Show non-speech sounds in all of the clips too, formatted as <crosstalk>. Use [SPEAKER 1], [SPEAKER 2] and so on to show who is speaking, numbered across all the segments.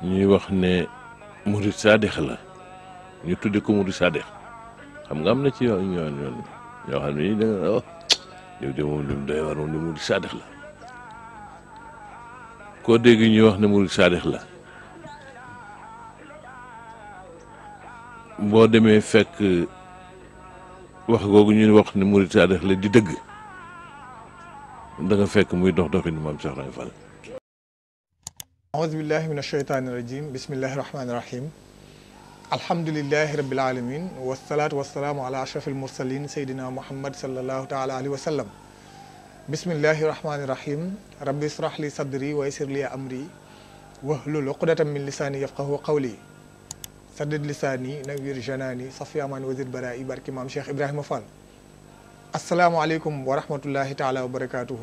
[SPEAKER 1] ñuy wax ne murid saadix la ñu tudde ko murid saadix xam nga am na ci yoon yoon xam ne da nga oh, mu doy war dégg ñuy wax ne murid saadix la boo demee fekk wax googu ñuy wax ne murid saadix la di dëgg da nga fekk muy dox doxin maam Cheikh Ibra
[SPEAKER 2] أعوذ بالله من الشيطان الرجيم بسم الله الرحمن الرحيم الحمد لله رب العالمين والصلاة والسلام على أشرف المرسلين سيدنا محمد صلى الله تعالى عليه وسلم بسم الله الرحمن الرحيم ربي اشرح لي صدري ويسر لي أمري واحلل عقدة من لساني يفقه قولي سدد لساني نوير جناني صفي أمان وزير برائي بارك إمام شيخ إبراهيم فال السلام عليكم ورحمة الله تعالى وبركاته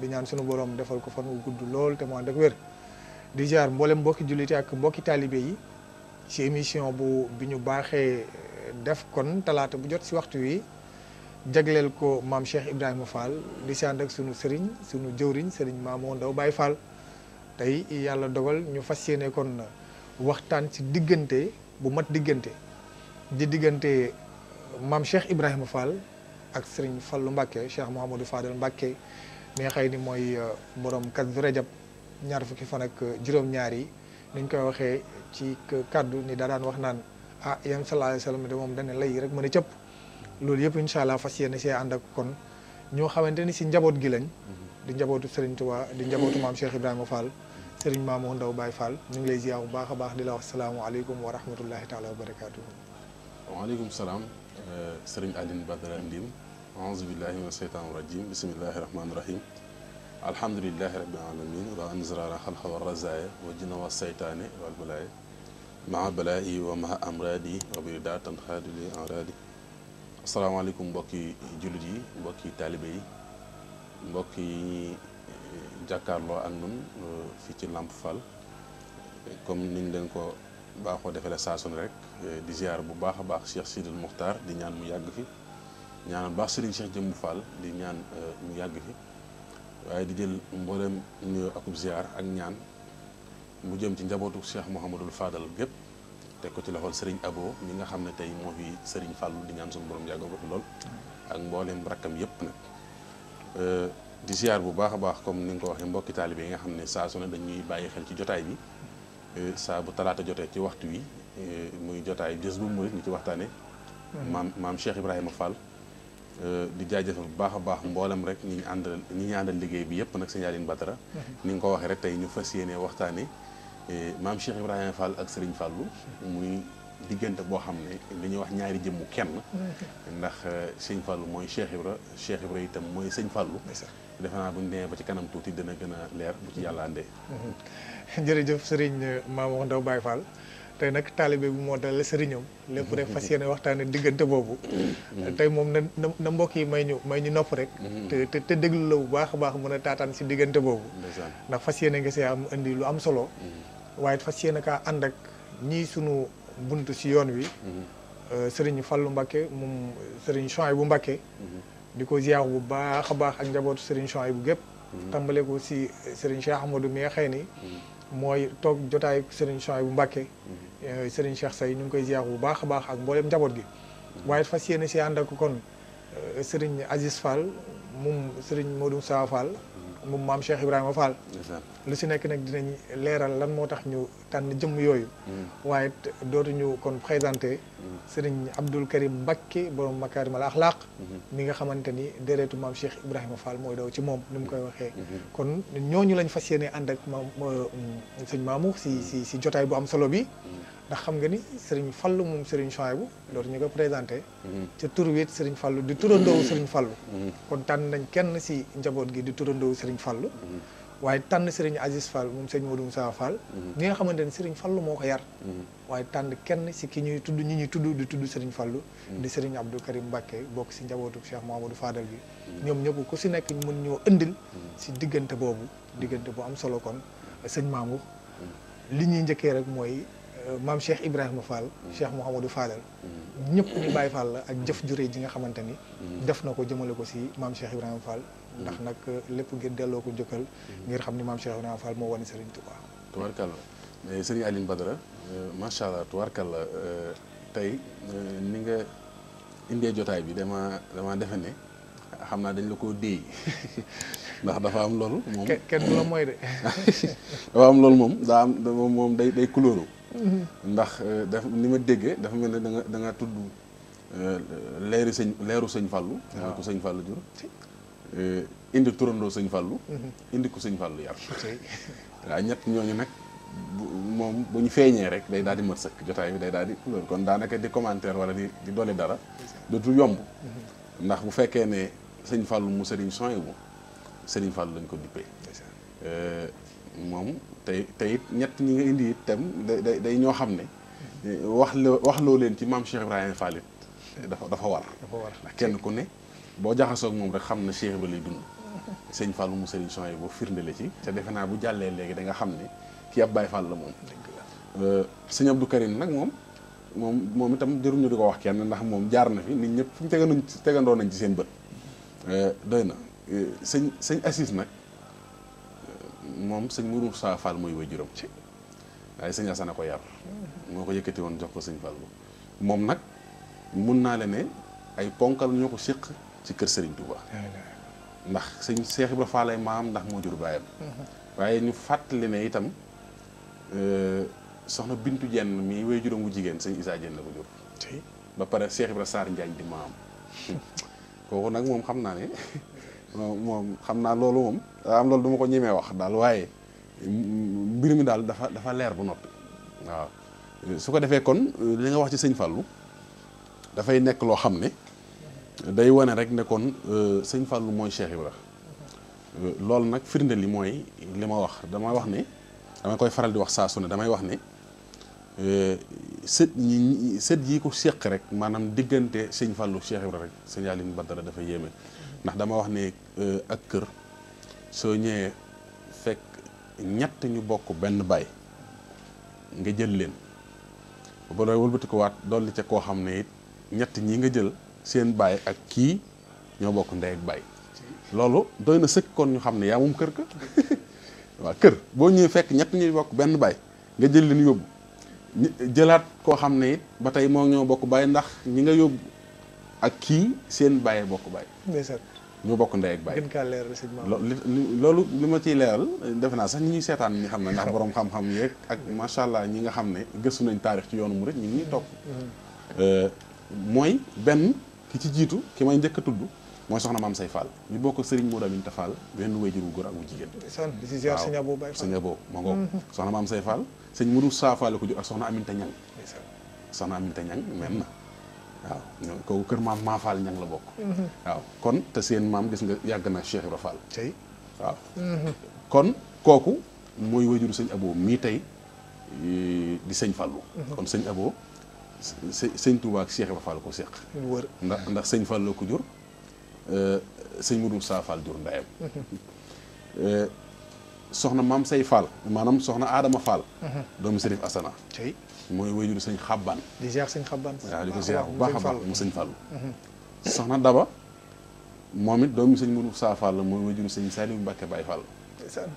[SPEAKER 2] di ñaan sunu borom defal ko fan gudd lool te mu ànd ak wér di jaar mboolem mbokki julliti ak mbokki taalibe yi ci émission bu bi ñu baaxee def kon talaata bu jot si waxtu wi jagleel ko maam Cheikh Ibrahima Fall di si ànd ak sunu sëriñ sunu jëwriñ tey yàlla dogal ñu fas yéene kon waxtaan ci diggante bu mat diggante di diggante maam Cheikh Ibrahima Fall ak sëriñ Fallu Mbàkke Cheikh Mouhamadou Fadel Mbàkke mais xëy ni mooy euh, borom Kazu Rajab ñaar fukki fan ak euh, juróom-ñaar yi niñ koy waxee ci kàddu ni daa daan wax naan ah yan sallallahu alayhi wa de moom dana lay rek mën a cëpp loolu yëpp incha allah fas yéene see ànd ak kon ñoo xamante ni si njaboot gi lañ. Mm-hmm. di njabootu Serigne Touba di njabootu maam Cheikh Ibrahima Fall maam Mamadou Ndaw baay Fall ñu ngi lay ziar bu baax a baax di la wax salaamualeykum wa rahmatullahi taala wa barakaatu.
[SPEAKER 3] waaleykum salaam euh, Serigne Aline Badara أعوذ بالله من الشيطان الرجيم بسم الله الرحمن الرحيم الحمد لله رب العالمين وأنزل على خلقه الرزايا والجن والشيطان والبلايا مع بلائي ومع أمرادي وبردات تنخاد لي أمرادي السلام عليكم بكي جلدي بكي طالبي بكي جاكار ak ñun في ci Lamp Fall comme niñ leen ko baaxoo defee la saa su ne rek di ziar bu baax a baax Cheikh Sidil Muxtaar ñaanal baax Serigne Cheikh Jëmbu Fall di ñaan euh, mu yàgg fi waaye di jël mboolem nuyoo akub ziar ak ñaan mu jëm ci njabootu Cheikh Mouhamadul Fadal gépp teg ko ci loxol sëriñ Abo ñi nga xam ne tey moo fi Serigne Fallou di ñaan suñu borom yàggal ko lool ak mboolem rakkam yëpp nag. Euh, di ziar bu baax a baax comme ni nga ko waxee mbokki taalibe yi nga xam ne saa su ne dañuy bàyyi xel ci jotaay bi euh, saa bu talaata jotee ci waxtu wi muy jotaay jës bu murit ñu ci waxtaanee. Hmm. maam maam Cheikh Ibrahima Fall. Euh, di jaajëfal bu baax a baax mboolem rek ñi ñu àndal ñi ñu àndal liggéey bi yëpp nag sëñ Aline Batara mhm. ni nga ko waxee rek tey ñu fas yéene waxtaane eh, maam Cheikh Ibrahima Fall ak Serigne Fallou mhm. muy diggante boo xam ne li ñuy wax ñaari jëmmu kenn
[SPEAKER 2] mhm.
[SPEAKER 3] ndax euh, sëñ Fallou mooy Cheikh Ibra Cheikh Ibra itam mooy sëñ Fallou defe naa bu ñu demee ba ci kanam tuuti dina gën a leer bu ci yàlla àndee
[SPEAKER 2] <laughs> jërëjëf Serigne Mamadou Ndaw Baye Fall tey nag taalibe bi moo dalal sëriñam lépp rek fas yéene waxtaane diggante boobu tey moom na na mbokk yi may ñu may ñu nopp rek te te déglu la bu baax a baax mën a taataan si diggante boobu ndax fas yéene nga see am indi lu am solo mm-hmm. waaye fas yéene kaa ànd ak ñii sunu bunt si yoon wi mm-hmm. euh, sëriñ Fallou Mbakke moom sëriñ bu Mbakke mm-hmm. di ko ziar bu baax a baax ak njabootu sëriñ bu gépp tàmbale ko si sëriñ Cheikh Amadou mi nga xëy ni mooy toog jotaay sëriñ Chouaïbou Mbakke Euh, Serigne Cheikh Say ñu ngi koy ziar bu baax a baax ak mboolem njaboot gi. waaye fas yéene si ànd ak kon euh, Serigne Aziz Fall moom Serigne Modou Saa Fall. moom maam Cheikh Ibrahima Fall. lu si nekk nag dinañ leeral lan moo tax ñu tànn jëmm yooyu. Mm. waaye dootuñu kon présenté. Mm. sëriñ Abdul Karim Mbakke borom makaarimal axlaaq mm-hmm. mi nga xamante ni déretu maam Cheikh Ibrahima Fall mooy daw ci moom ni mu koy waxee. Mm-hmm. kon ñooñu lañ fas yéene ànd ak maam euh, sëñ Maamu si si si jotaay bu am solo bi. Mm. ndax xam nga ni Serigne Fallou moom Serigne bu loolu ñu ko présenté. Mhm. ca tur wi it Serigne Fallou di turandoowu mhm. Serigne Fallou. Mhm. kon tànn nañ kenn si njaboot gi di turandoowu Serigne Fallou. waaye tànn Serigne Aziz Fall moom sëñ Modou Moussa Fall. ñi nga xamante ne Serigne Fallou moo ko yar. waaye tànn kenn si ki ñuy tudd ñi ñuy tudd di tudd Serigne Fallou. di Serigne Abdou Karim Mbacké bokk si njabootu Cheikh du Fadal bi. ñoom ñëpp ku si nekk mën ñoo indil. si diggante boobu diggante bu am solo kon sëñ Mamour. li ñuy njëkkee rek mooy. mam Cheikh Ibrahima Fall Cheikh Mouhamadou Fallen ñëpp ñu bàyyi Fall ak jëf jure ji nga xamanteni def nako jëmele ko ci mam Cheikh Ibrahima Fall ndax nak lépp ngir delloo ko njukkal ngir xamni mam maam Cheikh Ibrahima Fall mo wane Serigne Touba
[SPEAKER 3] mais Serigne Aline Badara sha allah tubaarkàlla tay ni nga indé jotay bi dama dama defe ne xamna dañ la ko dé ndax dafa am loolu mom ken dula moy de dafa am loolu mom da am mom day day kulóoru ndax euh, daf ni ma déggee dafa mel ne da nga da nga tudd euh, leeru sëñ leeru sëñ Fallou. waaw ko sëñ Fallou euh, indi turandoo sëñ Fallou. Mm-hmm. indi ko sëñ Fallou yar. <laughs> waaw ñett ñooñu nag moom bu ñu feeñee rek day daal di mën sëkk jotaay bi day daal di couleur kon daanaka di commentaire wala di di dolli dara. Mm-hmm. dootul yomb.
[SPEAKER 4] Mm-hmm.
[SPEAKER 3] ndax bu fekkee ne sëñ Fallou mu sëriñ Soyebu sëriñ Fallou lañ ko dippee. moom tey tey it ñett ñi nga indi it tam day day ñoo xam ne wax la wax loo leen ci maam Cheikh Ibrahima Fall it dafa dafa war. dafa war ndax kenn ku ne boo jaxasoo moom rek xam na Cheikh Ibrahima lay dund. sëñ Fallou mu sëriñ son yi boo firnde la ci. te defe naa bu jàllee léegi da nga xam ne kii ab Baye Fall la moom. dëgg euh, sëñ Abdou Karim nag moom moom moom itam jëruñu di ko wax kenn ndax moom jaar na fi nit ñëpp fu ñu tegandoo nañ ci seen bët. Euh, doy na euh, sëñ sëñ Assis nag. moom sëñ Mourou Moussa Fall mooy juróom ci waaye sëñ Assane a ko yar moo ko yëkkati woon jox ko sëñ Fall moom nag mun naa la ne ay ponkal ñoo ko séq ci kër Serigne Touba ndax sëñ Cheikh Ibra Fall maam ndax moo jur baayam mm-hmm. waaye ñu fàttali ne itam euh, soxna Bintu Jenn mi waajuram wu jigéen sëñ Issa Jenn la ko jur ba pare Cheikh Ibra saar Njaañ di maam <laughs> kooku nag moom xam naa ne moom xam naa loolu moom am loolu du ma ko ñemee wax daal waaye mbir mi daal dafa dafa leer bu noppi waaw su ko defee kon li nga wax ci sëñ fàllu dafay nekk loo xam ne day wane rek nekkoon kon euh, sëñ Fallou mooy Cheikh Ibra loolu nag firnde li mooy li ma wax dama wax ne dama koy faral di wax saa su ne damay wax ne euh, sët yi sët yi ko seq rek maanaam diggante sëñ Fallou Cheikh Ibra rek sëñ Aline Badara dafa yéeme. ndax dama wax ne euh, ak kër soo ñëwee fekk ñett ñu bokk benn baay nga jël leen ba doy wëlbatikuwaat dolli ca koo xam ne it ñett ñi nga jël seen baay ak kii ñoo bokk ndey ak baay loolu doy na sëkk kon ñu xam ne yaa moom kër ka <laughs> waaw kër boo ñëwee fekk ñett ñu bokk benn baay nga jël leen yóbbu jëlaat koo xam ne it ba tey moo ñoo bokk baay ndax ñi nga yóbbu ak kii seen bàyyi bokk bàyyi. ndeysaan ñu bokk ndey ak bàyyi.
[SPEAKER 2] gën kaa leeral sëñ maam
[SPEAKER 3] loolu li ma ciy leeral defe naa sax ñi ñuy seetaan ñi xam ne ndax borom xam-xam yeeg ak macha allah ñi nga xam ne gëstu nañ taarix ci yoonu murit ñu ngi ñuy topp. Mm-hmm. Euh, mooy benn ki ci jiitu ki may njëkk a tudd mooy soxna maam say Fall ñu bokk Serigne Modou Aminta Fall benn wéyjur wu góor ak wu jigéen.
[SPEAKER 2] ndeysaan di si ziar sëñ Abo Baye Fall
[SPEAKER 3] waaw ma ngoog mm-hmm. soxna maam say Fall sëñ Modou Saa ko jur ak soxna Aminta Ñang soxna Aminta Ñang même waaw ñoom kooku kër maam Maafaal ñang la bokk. Mm-hmm. waaw kon te seen maam gis nga yàgg na Cheikh Ibra Fall. tey waaw. Mm-hmm. kon kooku mooy wajuru sëñ Abo mii tey e, di sëñ Fallou. Mm-hmm. kon sëñ Abo sëñ Touba ak Cheikh Ibra Fall seq. ndax ndax sëñ Fallou ko jur e, sëñ Mourou Saa Fall jur ndayam e, soxna maam say Fall maanaam soxna Adama Fall. doomu Serif Asana. mooy wayjuru sëñ xabbaan
[SPEAKER 2] di ziar sëñ xabbaan waaw di ko ziar baax a mu sëñ fàllu mhm.
[SPEAKER 3] soxna daba moom it doomi sëñ mënu saa fàll mooy wayjuru sëñ Saliou Mbàkke Baay Fàll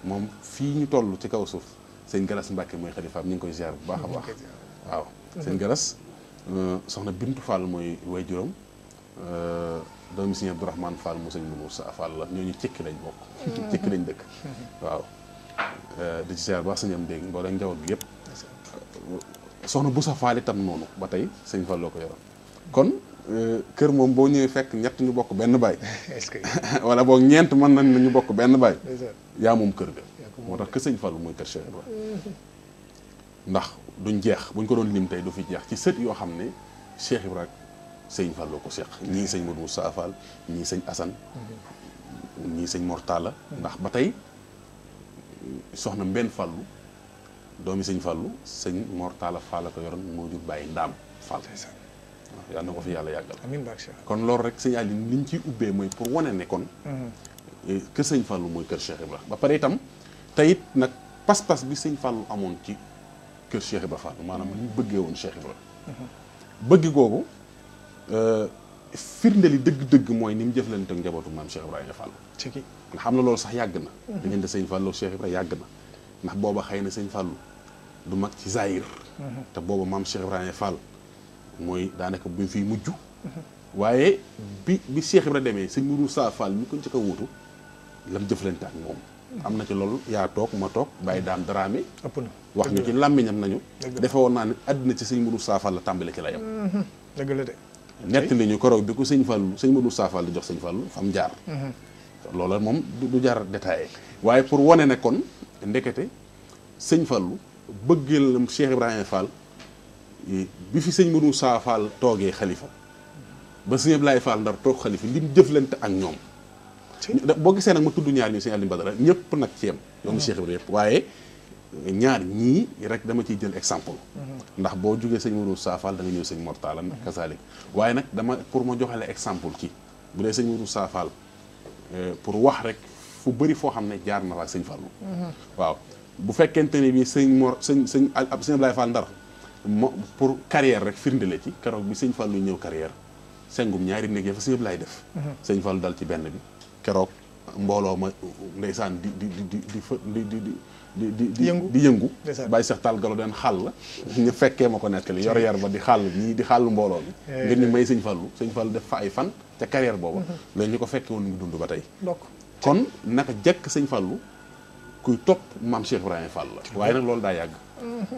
[SPEAKER 3] moom fii ñu toll ci kaw suuf sëñ galas Mbàkke mooy xalifaam ñu ngi koy ziar bu baax a mhm. baax waaw mhm. sëñ euh, soxna bintu fàll mooy wayjuram euh, doomi sëñ Abdourahmane Fall mu sëñ mënu saa la ñooñu cëkki lañ bokk cëkki lañ dëkk waaw euh, di ci ziar baax sëñ gi yëpp soxna Boussa Fall itam noonu ba tey sëñ Fall loo ko yoroon kon euh, kër moom boo ñëwee fekk ñett ñu bokk benn baay <laughs> <laughs> wala boog ñeent mën nañ ñu bokk benn baay yaa moom kër ga moo tax kër sëñ falu mooy kër Cheikh Ibra duñ jeex buñ ko doon lim tey du fi jeex ci sët yoo xam ne Cheikh Ibra sëñ Fall ko seq ñii sëñ Modou Moussa Fall ñii sëñ Assane
[SPEAKER 4] mm-hmm.
[SPEAKER 3] ñii sëñ Mortala mm-hmm. ndax ba tey soxna Mbène Fallou doomi sëñ Fàllu sëñ Mortala Fall ko yoroon moo jur bàyyi ndaam Fall waaw na ko fi yàlla yàggal kon loolu rek sëñ Aliou li ñu ciy ubbee mooy pour wane ne kon mhm. eh, kër sëñ Fàllu mooy kër Cheikh Ibra ba pare itam te it nag pas-pas bi sëñ Fàllu amoon ci kër Cheikh Ibra Fall maanaam li mu bëggee woon Cheikh Ibra mhm. bëgg googu euh, firnde li dëgg-dëgg mooy ni mu lañ ak njabootu maam Cheikh Ibrahima Fall ndax xam na loolu sax yàgg na mhm. diggante sëñ Fàllu Cheikh Ibra yàgg na ndax booba xëy na sëñ Fàllu du mag ci Zahir. Mhm. te boobu maam Cheikh Ibrahima Fall mooy daanaka bu fi mujj. waaye bi bi Cheikh Ibrahima demee sëñ Moussa Fall mi ko njëkk a wuutu jëf jëflante ak moom. Mhm. am na ci loolu yaa toog ma toog bàyyi daam daraame. ëpp na wax ñu ci làmmiñam nañu. defe woon naa ne àddina ci sëñ Moussa Fall la tàmbali ci la yem.
[SPEAKER 2] Mhm. dëgg la de.
[SPEAKER 3] nett ñu koroog bi ko sëñ Fallu sëñ Moussa Fall di jox sëñ Fallu fam jaar. loola moom du jar détaillé waaye pour wone ne kon ndekete sëñ bëggeel Cheikh Ibrahima Fall bi fi sëñ Modou Saa Fall toogee xalifa ba sëñ Ablaye Fall ndar toog xalifa lim jëflante ak ñoom. boo gisee nag ma tudd ñaar ñi sëñ Aliou Badara ñëpp nag ci yem. ñoom Cheikh Ibrahima yëpp waaye ñaar ñii rek dama ciy jël exemple. ndax boo jógee sëñ Modou Saa Fall da nga ñëw sëñ Mortala kasaalik waaye nag dama pour ma joxale exemple ci bu dee sëñ Modou Saa Fall pour wax rek fu bëri foo xam ne jaar na fa ak sëñ Fallou waaw. bu fekkente ne bi sëñ Mor sëñ sëñ sëñ Ablaye Fall Ndar mo pour carrière rek firnde la ci keroog bi sëñ Fallu ñëw carrière sengum ñaari néeg ya fa sëñ Ablaye def mhm. sëñ Fallu dal ci benn bi keroog mbooloo ma ndeysaan di di di di di di di di di di di di yëngu bàyyi seex taal galo den xàll ñu fekkee ma ko nettali yor yar ba di xàll ñii di xàll mbooloo bi eh, ngir ñu eh. may sëñ Fallu sëñ Fallu def fa ay fan ca carrière booba léegi mhm. ñu ko fekkee woon ngi dund ba tey kon naka jekk sëñ Fallu kuy topp maam Cheikh Ibrahima Fall la waaye nag loolu daa yàgg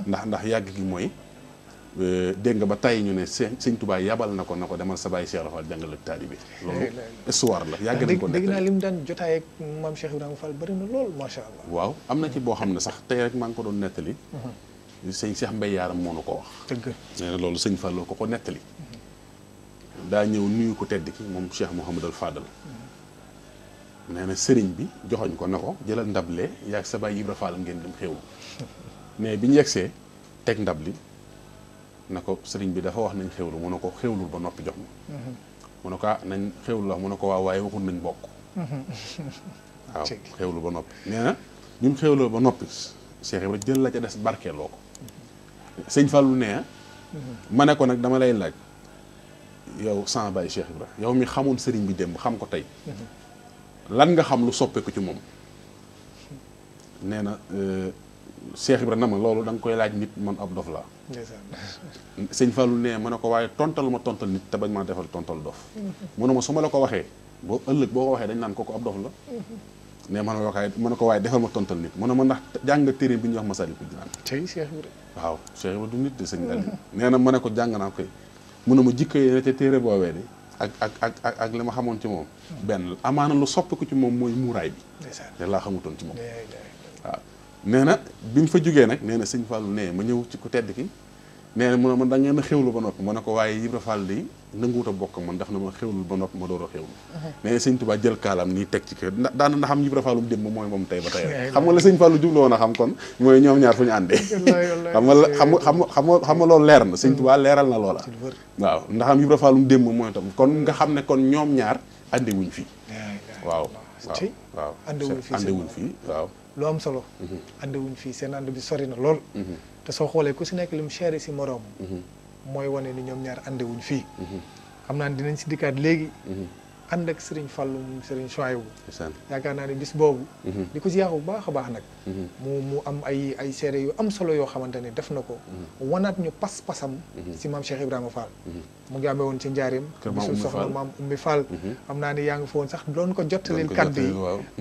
[SPEAKER 3] ndax ndax yàgg gi mooy euh, dégg nga ba tey ñu ne sëñ Tuubaa yabal na ko na ko demal sa bàyyi Cheikh Rafal jàngal ak taalibe loolu histoire la yàgg nañ ko naa li
[SPEAKER 2] mu daan jotaay na lool macha allah
[SPEAKER 3] waaw am na ci boo xam ne sax tey rek maa ngi ko doon nettali
[SPEAKER 2] mhm.
[SPEAKER 3] sëñ seex Mbay Yaaram moo nu ko wax dëgg nee na loolu sëñ Falloo ko ko nettali mhm. daa ñëw nuyu ko tedd ki moom Cheikh Mouhamadou Fadal nee na sëriñ bi joxoñ ko na ko jëlal ndab lee yaag sa baay Ibra Faal ngeen dem xéewlu mais bi ñu yegsee teg ndab li na ko sëriñ bi dafa wax nañ xéewlu mu ne ko xéewlul ba noppi jox ma mu ne ah la mu ne ko waaw waaye waxul nañ bokk
[SPEAKER 4] <laughs>
[SPEAKER 3] waaw ba noppi nee na bi mu xéewloo ba noppi Cheikh Ibra jël la ca des barkeeloo ko sëñ lu nee
[SPEAKER 4] mm-hmm.
[SPEAKER 3] ma ne ko nag dama lay laaj yow sans bàyyi Cheikh Ibra yow mi xamoon sëriñ bi démb xam ko tey mm-hmm. lan nga xam lu soppeeku ci moom nee na euh, Cheikh Ibrahima ma loolu da nga koy laaj nit man ab dof laa. sëñ Fallou nee ma ne ko waaye tontal ma tontal nit te bañ maa defal tontal dof. mu ne ma su la ko waxee boo ëllëg boo waxee dañ naan kooku ab dof la. nee ma ne ko waaye ma ne ko waaye defal ma tontal nit mu ne ma ndax jàng nga téere bi ñu wax ma Jinaan. tey Cheikh Ibrahima. waaw Cheikh Ibrahima du nit de sëñ Aliou. nee na ma ne ko jàng naa koy mu ne ma jikko yi ne ca téere boobee de. ak ak ak ak ak li ma xamoon ci moom. benn amaana lu soppiku ci moom mooy muuraay bi. da laa xamutoon ci moom. waaw nee na bi mu fa jógee nag nee na sëñ Fallou nee ma ñëw ci ku tedd ki. nee na mu ne man da ngeen a xewlu ba noppi ma ne ko waaye Ibra Fall di nanguwut a bokk man daf na ma xewlul ba noppi ma door a xewlu nee mhm. na sëñ Tuubaa jël kaalam nii teg ci kër daana na xam Ibra Fallum démb mooy moom tey ba tey <laughs> xam nga la sëñ Fallu jublu woon a xam kon mooy ñoom ñaar fu ñu àndee <laughs> <laughs> xam nga xam xam xam xam nga loolu leer na sëñ Tuubaa leeral na loola waaw ndax xam Ibra Fallum démb mooy tam kon nga xam ne kon ñoom ñaar àndi wuñ fii waaw waaw àndi wuñ
[SPEAKER 2] fii waaw lu am solo mhm. àndi wuñ fii seen ànd bi sori na lool mhm. te soo xoolee ku si nekk lim chéré si moroom. Mhm. mooy wane ni ñoom ñaar àndewuñ fii. Mhm. xam naa ne dinañ si dikkaat léegi. Mhm. ànd ak Serigne Fallou Serigne Choyou. yaakaar naa ne bis boobu. di ko ziyaar bu baax a baax nag. mu mu am ay ay seere yu am solo yoo xamante ne def na ko. wanaat ñu pas-pasam. si maam Cheikh Ibrahima Fall. mu ngi amee woon ci njaareem bisu soxna maam ummi Fall mhm. am naa ni yaa ngi fa woon sax doon ko jottaleel kàddu yi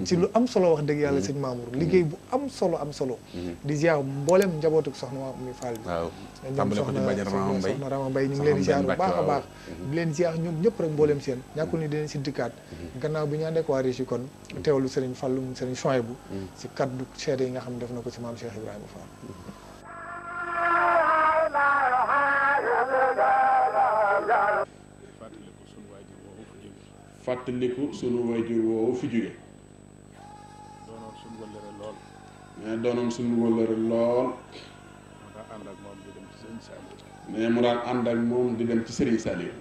[SPEAKER 2] ci lu am solo wax dëgg yàlla mhm. sëñ Mamour liggéey bu am solo am solo mhm. di ziar mboolem njabootuk soxna maam ummi Fall bi ñoom soxna Rama Mbaye ñu ngi leen di ziar bu baax a baax di leen ziar ñoom ñëpp rek mboolem seen ñàkkul ni dinañ si dikkaat gannaaw bi ñu àndee ko waa Régis kon teewlu Serigne Fallou Serigne Chouaïbou si kaddu seede yi nga xam ne def na ko si maam Cheikh Ibrahima Fall
[SPEAKER 3] fàttaliku sunu waajur woowu fi jóge doonoon sunu wëllëre lool nee doonoon sunu wëllëre lool nee mu daan ànd ak moom di dem ci Serigne Saliou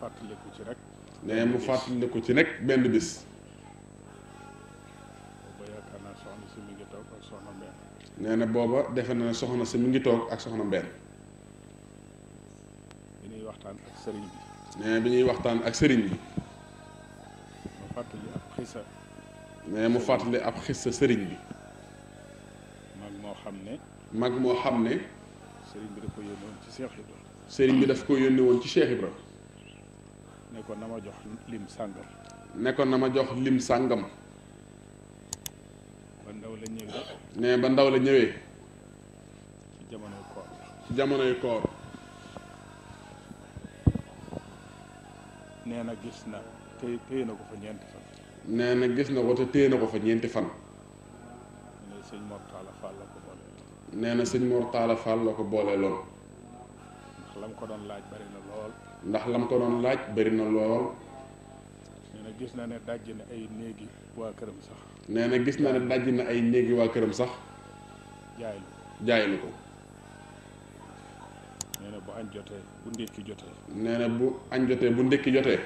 [SPEAKER 3] fàttaliku ci rek nee mu fàttaliku ci rek benn bis booba yaakaar naa nee na booba defe na soxna si mu ngi toog ak soxna mbenn bi ñuy waxtaan ak sëriñ bi nee na bi ñuy waxtaan ak sëriñ bi mu fàttali ab xisa nee mu fàttali ab xisa sëriñ bi mag moo xam ne mag moo xam ne sëriñ bi daf ko yónni woon ci Cheikh Ibra sëriñ bi daf ko yónni woon ci Cheikh Ibra nekkoon na ma jox lim sàngam nekkoon na ma jox lim sàngam ne ba ndaw la ñëwee. ci jamonoy koor. ci jamonoy koor. nee na gis na téye téye na ko fa ñeenti fan. nee na gis na ko te téye na ko fa ñeenti fan. nee na sëñ Mor Talla Fall la ko boole. nee na sëñ Mor Talla Fall ko boole lool. ndax lam ko doon laaj bari na lool. ndax lam ko doon laaj bari na lool. nee na gis na ne dajji na ay néegi waa këram sax. nee na gis na ne daj na ay néegi waa këram sax. jaay na ko. nee bu añ jotee bu ndékki jotee. nee na bu añ bu ndékki jotee.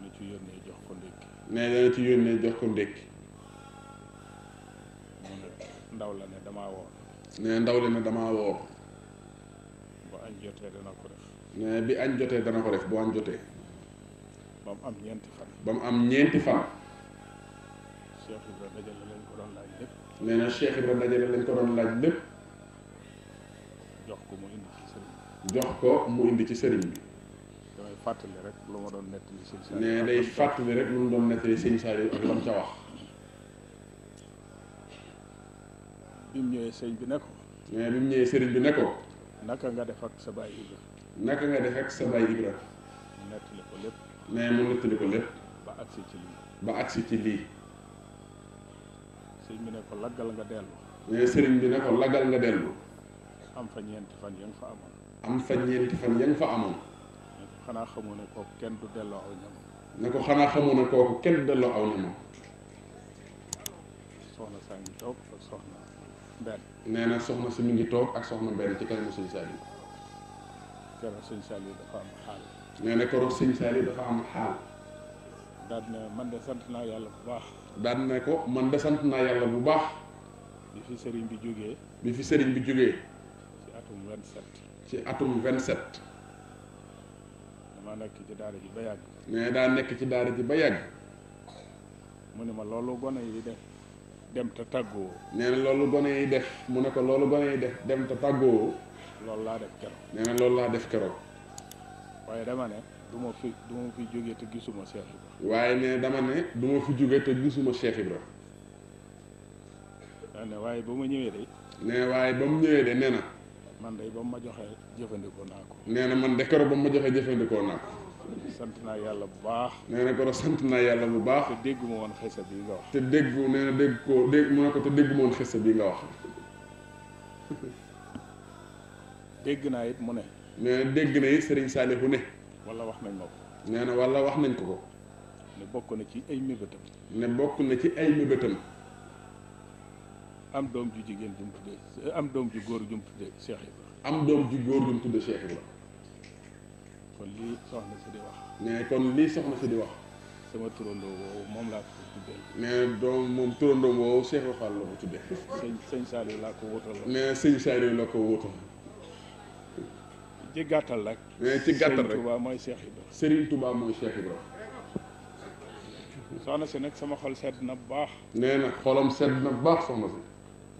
[SPEAKER 3] nee ci yónnee jox ko ndékki. nee na ci yónnee jox ko ndékki. ndaw la ne damaa woor. nee ndaw la ne damaa woor. bu añ jotee dana ko def. nee bi añ jotee dana ko def bu añ jotee. ba mu am ñeenti fan. ba mu am ñeenti fan. Cheikh Ibra dajale lañ ko doon laaj lépp. na Cheikh Ibra dajale lañ ko doon laaj lépp. jox ko mu indi ci sëriñ bi. jox ko mu indi ci sëriñ bi. damay fàttali rek lu ma doon nettali sëñ Saliou. nee day fàttali rek lu mu doon nettali sëñ wax. bi mu ñëwee sëriñ bi ne ko. nee bi mu ñëwee sëriñ bi ne ko. naka nga def ak sa baay Ibra. naka nga def ak sa baay Ibra. mu nettali ko lépp. nee mu nettali ko lépp. ba agsi ci lii. ba agsi ci lii. sëriñ mu ne ko laggal nga dellu. mais sëriñ bi ne ko laggal nga dellu. am fa ñeenti fan ya fa amoon. am fa ñeenti fan ya nga fa amoon. ne ko kenn du delloo aw
[SPEAKER 2] ñam. ko xanaa
[SPEAKER 3] xamoo ne kooku kenn du delloo aw ñam. soxna saa ngi toog ak soxna benn. nee na soxna si mi ngi toog ak soxna benn ci kanamu sëñ Saliou. keroog sëñ Saliou dafa am xaal. nee na keroog sëñ dafa am xaal. daal man de sant naa yàlla bu baax. daan ne ko man de sant naa yàlla bu baax. bi fi sëriñ bi jógee. bi fi sëriñ bi jógee. ci atum 27. ci atum 27. damaa nekk ci daara ji ba yàgg. mais daa nekk ci daara ji ba yàgg. mu ne ma loolu gone yi def dem te tàggoo. nee na loolu gone yi def mu ne ko loolu gone yi def dem te tàggoo. loolu laa def keroog. nee na loolu laa def keroog. waaye dama ne. du ma fi du ma fi jógee te gisuma Cheikh Ibra waaye ne dama ne du ma fi jógee te gisuma Cheikh Ibra ah, ne waaye ba ma ñëwee de ne waaye ba mu ñëwee de nee na man de ba mu ma joxee jëfandikoo naa ko nee na man de keroog ba mu ma joxee jëfandikoo naa ko sant naa yàlla bu baax nee na ko sant naa yàlla bu baax te dégg ma woon xesa bi nga wax te déggu nee na dégg ko dégg mu ne ko te dégg ma woon xesa bi nga wax dégg naa it mu ne nee dégg na it Serigne Saliou ne نانا والله أنا نانكو أنا نتي اي ميبتم أنا نتي اي ميبتم ام أنا جي جيجن دوم أنا ام دوم جي أنا دوم تودي شيخ أنا ام دوم جي أنا دوم تودي شيخ أنا كون لي سوخنا أنا دي واخ ني أنا لي سوخنا سي أنا واخ سما تروندو أنا موم لا تودي أنا دوم موم تروندو أنا شيخ خالو تودي أنا سيغ سالي لا أنا ووتال ني سيغ أنا لا كو ووتال ci gàttal rek. ci gàttal rek Serigne Touba mooy Cheikh Ibra. Serigne Touba mooy Cheikh Ibra. soxna si nag sama xol sedd na bu baax. nee na xolam sedd na bu baax soxna si.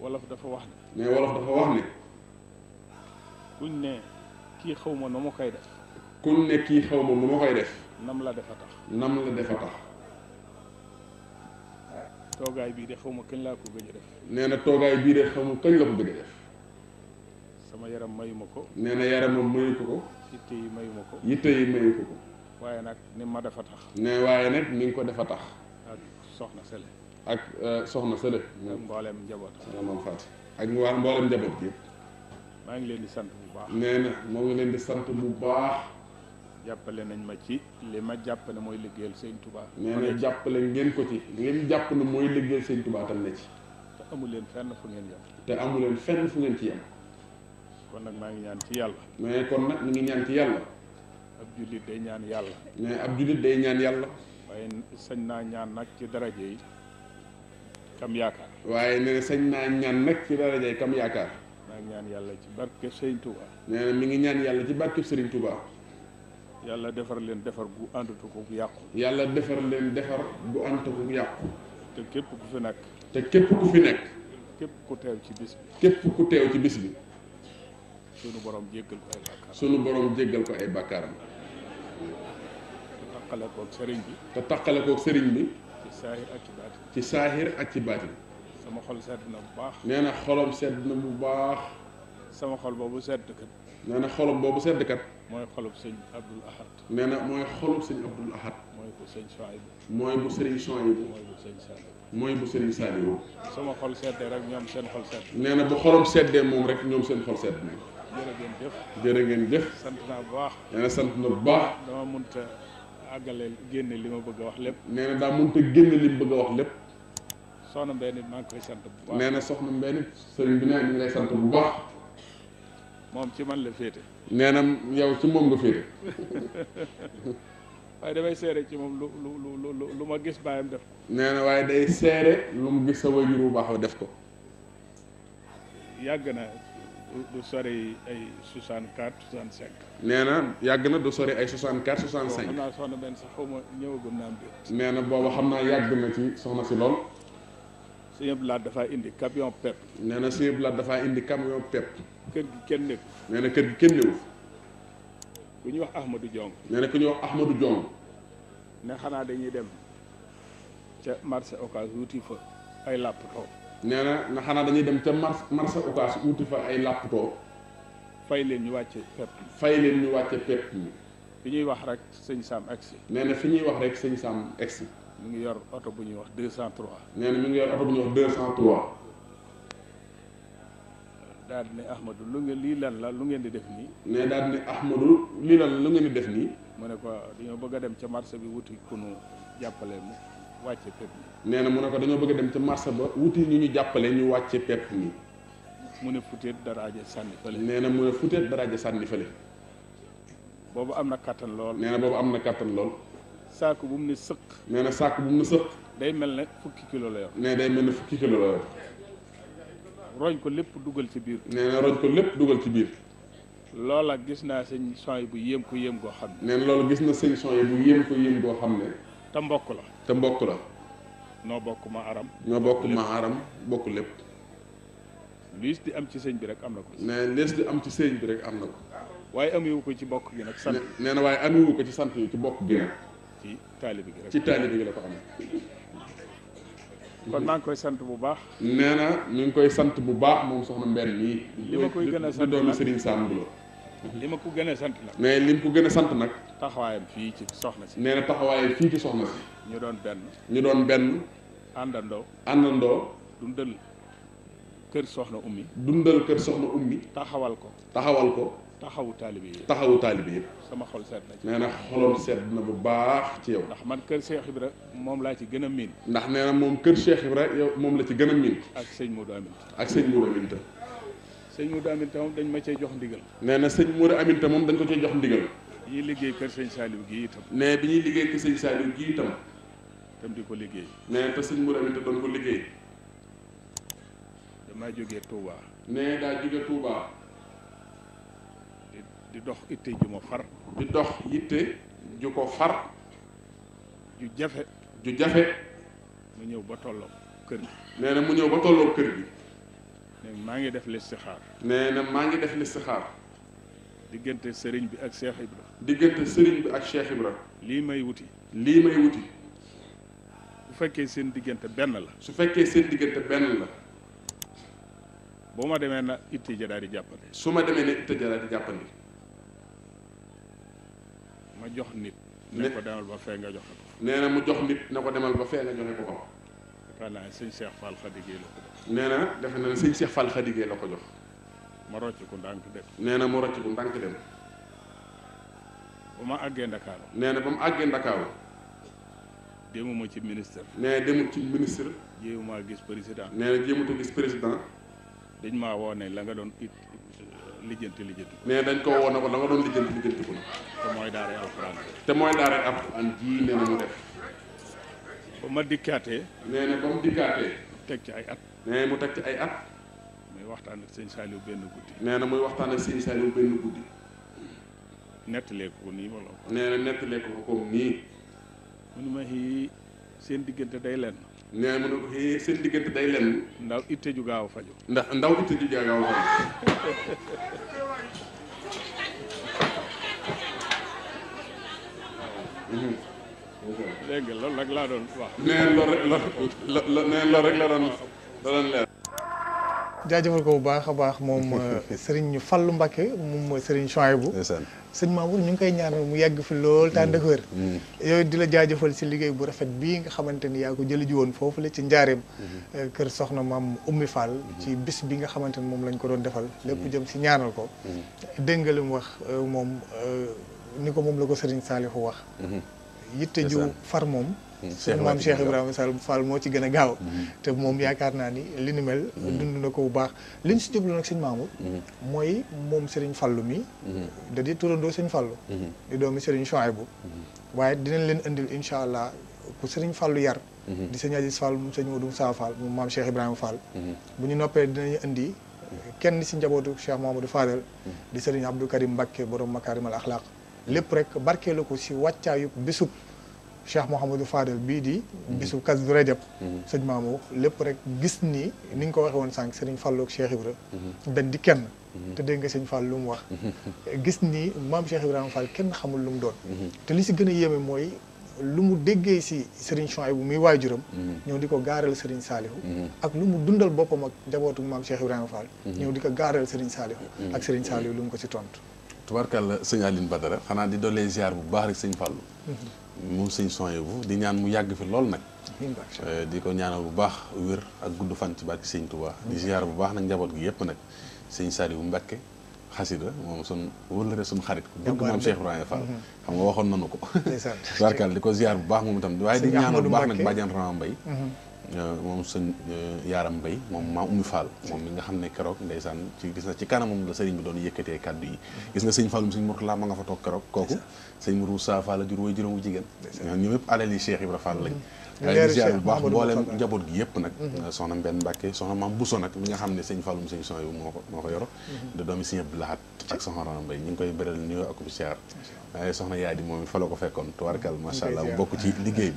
[SPEAKER 3] wolof dafa wax ne. mais wolof dafa wax ne. kuñ ne kii xaw ma nu ma koy def. kuñ ne kii xaw ma nu ma koy def. nam la defa tax. nam la defa tax. toogaay bii de xaw ma kañ laa ko gëj a def. nee na toogaay bii de xaw ma kañ la ko gëj a def. sama yaram mayu ma ko nee na yaramam mayu ko ko yitte yi mayu ma ko yitte yi mayu ko waaye nag ni ma dafa tax ne waaye nag ni nga ko dafa tax ak soxna sële ak eh, soxna sële mbooleem mboolem njaboot soxna maam Faati ak waa mboolem njaboot gi maa ngi leen di sant bu baax nee na moo ngi leen di sant bu baax jàppale nañ ma ci li ma jàpp ne mooy liggéeyal sëñ Touba. nee na jàppale ngeen ko ci li mu jàpp ne mooy liggéeyal sëñ Touba tam ne ci. te amu leen fenn fu ngeen yem. te amu fenn fu ngeen ci yem. kon nag ma ngi ñaan ci yàlla mais kon nag mi ngi ñaan ci yàlla ab jullit day ñaan yàlla mais ab jullit day ñaan yàlla waaye sañ naa ñaan nag ci daraje yi kam yaakaar waaye nee sañ naa ñaan nag ci daraje yi kam yaakaar maa ngi ñaan yàlla ci barke sëriñ Touba nee na mi ngi ñaan yàlla ci barke sëriñ Touba yalla defar leen defar gu àndatu ko gu yàqu yàlla defar leen defar gu àndatu ko gu yàqu te képp ku fi nekk te képp ku fi nekk képp ku teew ci bis bi ku teew ci bis bi sunu borom jéggal ko ay bàkkaaram sunu borom jéggal ko ay bàkkaaram sëriñ bi te taqale koog sëriñ bi ci saahir ak ci baatin ci ak ci baatin sama xol sedd na bu baax nee na xolom sedd na bu baax sama xol boobu sedd kat nee na boobu sedd kat mooy xolub sëñ Abdul Ahad nee na mooy xolub sëñ Abdul Ahad mooy bu sëñ Soaybu mooy bu sëriñ Soaybu mooy sëñ Saliou mooy bu sëriñ Saliou sama xol seddee rek ñoom seen xol sedd nee na bu xolom seddee moom rek ñoom seen xol sedd na jërë ngeen jëf. jërë ngeen jëf. sant naa bu baax. nee na sant na bu baax. dama mënut a àggale génne li ma bëgg a wax lépp. nee na daa mënut génne li mu bëgg a wax lépp. soxna Mbène maa ngi koy sant bu baax. nee na soxna Mbène sëriñ bi nee mu ngi lay sant bu baax. moom ci man la féete. nee na yow ci moom nga féete. <laughs> waaye damay ci moom lu lu lu ma gis baayam def ko. nee na waaye day seere lu mu gis sa wajur bu baax def ko. yàgg naa du sori ay 64 65. nee na yàgg na du sori ay 64 65. xam naa soxna benn sax xaw ma ñëwagum naam nee na booba xam naa yàgg na ci soxna si lool. sëñ Abdou Lahad dafaa indi camion pepp. nee na sëñ Abdou dafaa indi camion pepp. kër gi kenn néew. nee na kër gi kenn néew. ku ñuy wax Ahmadou Diong. nee na ku ñuy wax Ahmadou Diong. ne xanaa dañuy dem ca marché Ocass wuti fa ay làppatoo. nee na xanaa dañuy dem ca mars marché Ocass wuti fa ay làpptoo fay leen ñu wàcce fay leen ñu wàcce pepp mi fi ñuy wax rek sëñ Sam egsi nee na fi ñuy wax rek sëñ Sam egsi mu ngi yor oto bu ñuy wax deux cent trois nee mu ngi yor oto bu ñuy wax deux cent trois daal di ne Ahmadou lu ngeen lii lan la lu ngeen di def nii ne daal di ne Ahmadou lii lan la lu ngeen di def nii mu ne ko dañoo bëgg a dem ca marché bi wuti ku nu jàppale mu wàcce pepp mi nee na mu ne ko dañoo bëgg a dem ca marché ba wuti ñu ñu jàppale ñu wàcce pepp mi mu ne futeet daraaje sànni fële nee na mu ne futeet daraaje sànni fële boobu am na kattan lool nee na boobu am na kattan lool saaku bu mu ne sëq nee na bu mu ne sëq day mel ne fukki kilo la yor nee day mel na fukki kilo la yor roñ ko lépp dugal ci biir nee na roñ ko lépp dugal ci biir loolu loola gis naa seen son yi bu yéem ko yéem goo xam ne nee na gis na seen son yi bu yéem ko xam ne te mbokk la te mbokk la noo bokk ma aram ñoo bokk ma aram bokk lépp liis di am ci sëñ bi rek am na ko ne liis di am ci sëñ bi rek am na ko waaye amewu ko ci bokk gi nag sant nee na waaye amewu ko ci sant yi ci bokk gi ci taalibi gi rek ci taalibi la ko amee kon ngi koy sant bu baax nee na mi ngi koy sant bu baax moom soxna Mbène mii li ma koy gën a sant di doomi Sëriñ la li ma ko gën a sant nag. mais li ma ko gën a sant nag. taxawaayam fii ci soxna si. nee na taxawaayam fii ci soxna si. ñu doon benn. ñu doon benn. àndandoo. àndandoo. dundal kër soxna ummi. dundal kër soxna ummi. taxawal ko. taxawal ko. taxawu taalibe yëpp taxawu taalibe yëpp. sama xol sedd na ci. nee na xolom sedd na bu baax ci yow. ndax man kër bi rek moom laa ci gën a miin. ndax nee moom kër Cheikh rek yow moom la ci gën a miin. ak sëñ Modou Aminta. ak sëñ Modou Aminta. sëñ Mourou Aminta moom dañ ma cee jox ndigal. nee na sëñ Mourou Aminta moom dañ ko cee jox ndigal. ñuy liggéey kër sëñ Saliou gii itam. mais bi ñuy liggéey kër sëñ Saliou itam. itam di ko liggéey. nee te sëñ Mourou ko liggéey. damaa Touba. nee daa jóge Touba. di dox itte ju ma far. di dox yitte ju ko far. ju jafe. ju jafe. mu ñëw ba tolloo kër gi. nee na mu ñëw ba tolloo kër gi. maa ngi def listixaar. nee na maa ngi def listixaar. diggante sëriñ bi ak Cheikh Ibra. diggante sëriñ bi ak Cheikh Ibra. lii may wuti. lii may wuti. bu fekkee seen diggante benn la. su fekkee seen diggante benn la. boo ma demee na itti ja daal di jàppandi. su ma demee na itti ja daal di jàppandi. ma jox nit. ne ko demal ba fee nga joxe ko. nee na mu jox nit na ko demal ba fee nga joxe ko ko. voilà sëñ Cheikh Fall Xadigee la ko nee na defe na ne sëñ Cheikh Fall Xadigee la ko jox. ma rocc ko ndànk dem. nee na mu rocc ko ndànk dem. ba ma àggee Ndakaaru. nee na ba mu àggee Ndakaaru. demuma ci ministre. nee na demul ci ministre. jéemuma gis président. nee na jéemut a gis président. dañ maa woo la nga doon it lijjanti lijjanti. nee dañ ko woo ne ko la nga doon lijjanti lijjanti ko. te mooy daaree alxuraan. te mooy daaree alxuraan jii nee mu def. ba ma dikkaatee. nee na ba mu dikkaatee. teg ci ay at. nee mu teg ci ay at. muy waxtaan ak sëñ Saliou benn guddi. nee na muy waxtaan ak sëñ Saliou benn guddi. nettalee ko nii wala. nee na nettalee ko comme nii. mu ne ma seen diggante day lenn. nee mu ne seen diggante day lenn. ndaw itte ju gaaw a faju. ndax ndaw itte ju gaaw a <laughs> dégg nga loolu laa doon wax. nee
[SPEAKER 2] loolu ko bu baax a baax moom sëriñ euh, Serigne Fallou Mbacke moom Serigne Chouaïbou. sëñ Mamour ñu ngi koy ñaanal mu yàgg fi lool te ànd ak mm. Mm. yooyu di la jaajëfal si liggéey bu rafet bii nga xamante ni yaa ko jëli ji woon foofu la ci njaareem. Mm-hmm. Euh, kër soxna maam ummi Fall. Mm-hmm. ci bis bi nga xamante ni moom lañ ko doon defal. Mm-hmm. lépp jëm ci ñaanal ko. dégg nga li mu wax euh, moom ni ko moom la ko sëriñ Serigne Salihou wax. yitte ju far moom
[SPEAKER 4] suñu maam Cheikh Ibrahima
[SPEAKER 2] Sall Fall moo ci gën a gaaw hmm. te moom yaakaar naa ni li mel hmm. dund na ko bu baax li si jublu nag sëñ Mamour hmm. mooy moom Serigne Fallu mi da turandoo sëñ Fallu di doomi Serigne Chouaïbou waaye dinañ leen indil incha allah ku Serigne Fallu yar di sëñ Aziz Fall moom sëñ Modou Moussa Fall moom maam Cheikh Ibrahima Fall bu ñu noppee dinañu indi kenn si njabootu Cheikh du Fadel di Serigne Abdou Karim Mbacké borom Makarimal Akhlaq lépp rek barkeelu ko si wàccaayu bésu Cheikh Mouhamadou Fadel bii di mhm. bisub Kazu Rajab mhm. sëñ Mamour lépp rek gis nii ni ñu ko waxee woon sànq sëriñ Fallou ak Cheikh Ibra dañ mhm. di kenn te dégg nga sëñ Fall lu mu wax gis nii maam Cheikh Ibrahima Fall kenn xamul lu mu doon te li si gën a yéeme mooy lu mu déggee si Serigne Chouaïbou muy waajuram ñëw di ko gaaral Serigne Saliou ak lu mu dundal boppam ak njabootu maam Cheikh Ibrahima Fall ñëw di ko gaaral Serigne Saliou ak Serigne Saliou lu mu ko ci tontu
[SPEAKER 3] tubarkalla sëñ Aline Badara xanaa di dolee ziar bu baax rek sëñ Fallou. mu sëñ Soyebu di ñaan mu yàgg fi lool nag. Eh, di ko ñaanal bu baax wér ak gudd fan ci barke sëñ Touba. di ziar bu baax nag njaboot gi yëpp nag sëñ Saliou Mbacke xasida moom sun wëllëre sun xarit ku bëgg maam Cheikh Ibrahima Fall xam nga waxoon nanu ko <laughs> tubarkalla di ko ziar bu baax moom itam waaye di ñaanal bu baax nag bàjjan Rama Mbaye mhm. Euh, moom sëñ euh, yaaram mbay moom maa ummi Fall moom mi nga xam ne keroog ndeysaan ci gis na ci kanamam la sëriñ bi doon yëkkatee kàddu yi mm-hmm. gis nga sëñ Fallum sëñ Murtala ma nga fa toog keroog kooku sëñ Mouroussa Fall la jur way juróom wu jigéen ñoom ñëpp alal yi Cheikh Ibra Fall lañ mm-hmm. leer ziar bu baax mboolem njaboot gi yëpp nag mm-hmm. soxna Mbène Mbacke soxna Mame Bousso nag mi nga xam ne sëñ Falloum sëñ Son yu moo ko moo ko yoro mm-hmm. da doomi sëñ Abdou Lahat ak soxna Rana Mbaye ñu ngi koy beral nuyoo ak ziar waaye soxna yaay moom it fa fekkoon tubaarkal macha allah bu bokk ci liggéey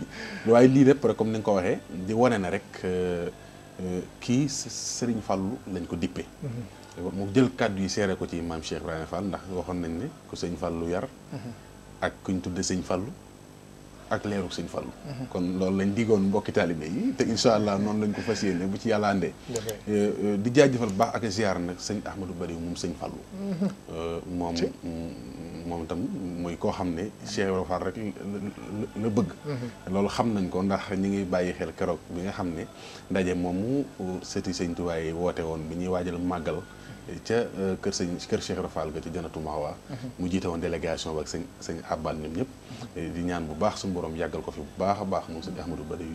[SPEAKER 3] waaye lii lépp rek comme ni nga ko waxee di wane na rek euh, euh, kii Serigne Fallou lañ ko dippe mm-hmm. mu jël kàddu yi seere ko ci maam Cheikh Ibrahima Fall ndax waxoon nañ ne ku sëñ fallu yar ak kuñ tudde sëñ Fallou ak leerug Sëñ Fallu kon loolu lañ digoon mbokki taalibe yi te incha allah noonu lañ ko fas yéene bu ci yàlla andee euh, euh, di jaajëfal baax ak ziar nag sëñ Ahmadou Bari moom sëñ Fallu euh, moom moom itam muy koo xam ne Cheikh Ibra Fall rek la bëgg mhm. loolu xam nañ ko ndax ñu ngi bàyyi xel keroog bi nga xam ne ndaje moomu sëti sëñ Tuubaa yi woote woon bi ñuy waajal màggal ca euh, kër sëñ kër Cheikh Rafal ga ca Janatu Mahwa mhm. mu jiite woon délégation ba ak sëñ sëñ Abbaan ñoom ñëpp mhm. eh, di ñaan bu baax suñu borom yàggal ko fi bu baax a baax moom sëñ Ahmadou Bari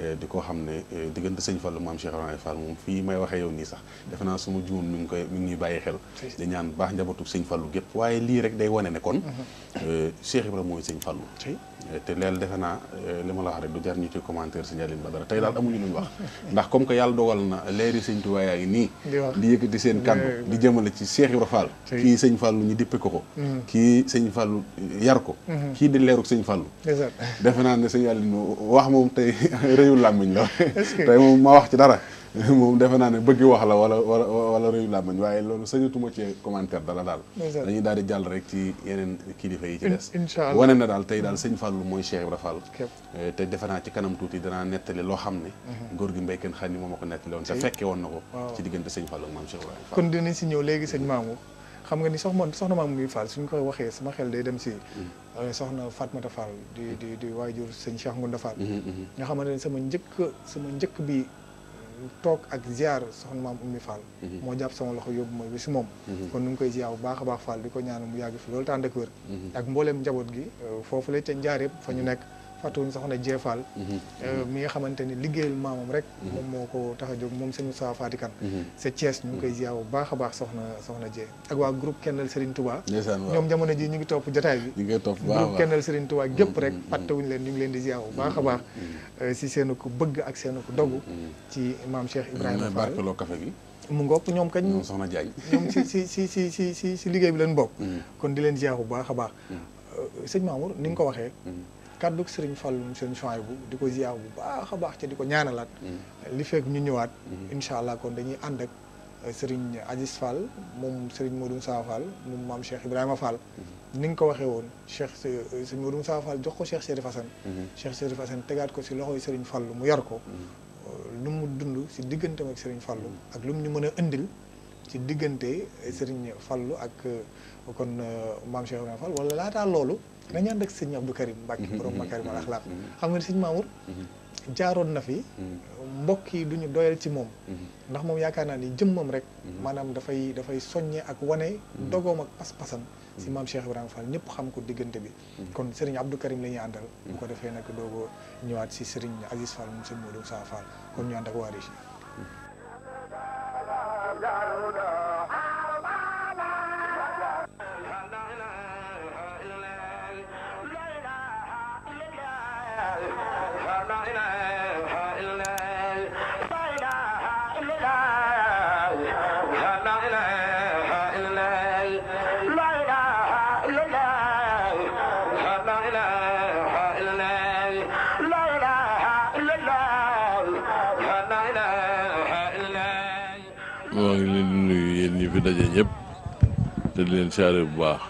[SPEAKER 3] eh, di ko xam ne eh, diggante sëñ Fallu maam Cheikh Rafal Fall moom fii may waxee yow nii sax defe suma jumoon mi ngi koy mi ngi ñuy bàyyi xel di ñaan bu baax njabootu sëñ Fallu gépp waaye lii rek day wane ne kon mhm. Cheikh Ibrahima mooy sëñ Fallu te leel defe naa euh, li ma la wax rek du jar ñu ci commentaire si Alioune Badara tey daal amuñu lu ñu wax ndax comme que yàlla dogal na leeri sëñ Tuubaa yi nii di yëkkati seen kàddu di jëmale ci Cheikh Ibra Fall kii sëñ Fallu ñu dippe ko ko mm-hmm. kii sëñ Fallu yar ko mm-hmm. kii di leeruk sëñ Fallu defe naa ne sëñ Alioune wax moom tey <laughs> rëyul làmmiñ la tey moom ma wax ci dara <laughs> moom defe naa ne bëgg wax la wala wala wala rëyu làmbañ waaye loolu sañatuma ci commentaire dala daal dañuy daal di jàll rek ci yeneen kilifa yi ci des wane na daal tey daal sëñ Fallou mooy Cheikh Ibra Fall eh, te defe naa ci kanam tuuti danaa nettali loo xam ne mhm. góor gi mbéykan xam ni moo ko nettali woon te fekke woon na ko ci diggante sëñ Fallou ak maam Cheikh Ibrahima kon dinañ
[SPEAKER 2] si ñëw léegi sëñ Mamou xam nga ni soxna soxna Mamou Ngouye Fall suñ koy waxee sama xel day dem si mm. eh, soxna Fatmata Fall di di di waajur sëñ Cheikh Ngounda Fall mm-hmm, mm-hmm. nga xamante ne sama njëkk sama njëkk bi toog ak ziar soxna maam Oumy Fall mhm. moo jàpp sama loxo yóbbu ma bi si moom mhm. kon nu ngi koy ziar bu baax a baax Fall di ko ñaanal mu loolu te ànd ak mhm. ak mbooleem njaboot gi foofu la ca njaar yëpp fa ñu nekk fàttewuñu sax ne jeefaal mhm. euh, mi nga xamante ni liggéeyal maamam rek mhm. moom moo ko tax a jóg moom sëñ Moussa Fati Kane mhm. sa Thiès ñu ngi koy ziar bu baax a baax soxna soxna jee ak waa groupe Kennel Serigne Touba ñoom jamono ji ñu ngi topp jotaay bi ñu ngi topp groupe Kennel Serigne Touba gépp leen ñu ngi leen di ziar bu baax euh, si seenu ko bëgg ak seenu ko dogu ci maam Cheikh Ibrahima Fall barkeloo café gi mu ngopp ñoom kañ ñoom soxna Diagne ñoom si si si si si si liggéey bi leen bokk kon di leen ziar bu baax a baax
[SPEAKER 3] euh,
[SPEAKER 2] sëñ Mamour ni ko waxee kàddug Serigne Fallou Serigne Chouaïbou bu di ko ziar bu baax a baax te di ko ñaanalaat. Mm. li fekk ñu ñëwaat. Mm. incha allah kon dañuy ànd ak euh, Serigne Aziz Fall moom Serigne Modou Moussa Fall moom maam Cheikh Ibrahima Fall. Mm-hmm. ni nga ko waxee woon Cheikh euh, Serigne Modou Moussa Fall jox ko Cheikh Chérif Assane. Mm-hmm. Cheikh Chérif Assane tegaat ko si loxoy Serigne Fallou mu yar ko. Mm-hmm. Euh, lu mu dund si digganteem ak Serigne Fallou. ak lu mu ñu mën a indil. ci diggante Serigne fallu ak kon maam Cheikh Ibrahima Fall wala laataa loolu. nañu ànd ak sëñ Abdou Karim Mbacke mhm, borom mhm, Makarim al mhm, Akhlaq xam nga ne sëñ Mamour jaaroon na fi mbokk yi du ñu doyal ci moom ndax moom yaakaar naa ni jëmmam rek maanaam dafay dafay soññee ak wane dogoom ak pas-pasam si maam Cheikh Ibrahima Fall ñëpp xam ko diggante bi kon Serigne Abdou Karim la ñuy àndal bu ko defee nag doogo ñëwaat si Serigne Aziz Fall moom sëñ Modou Sa Fall kon ñu ànd ak waa Régie
[SPEAKER 1] daje ñëpp te leen saare bu baax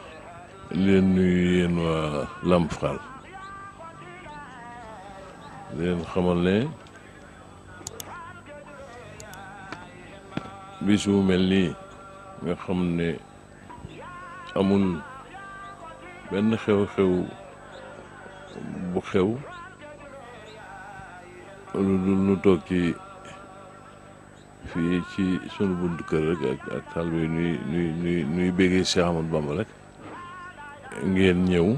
[SPEAKER 1] di leen nuyu yéen waa Lamp Fall leen xamal ne bisu mel nii nga xam ne amul benn xew-xew bu xew lu dul nu toog fii ci sunu buntu kër rek ak ak talbe nuy nuy nuy nuy béggee Cheikh Amadou Bamba rek ngeen ñëw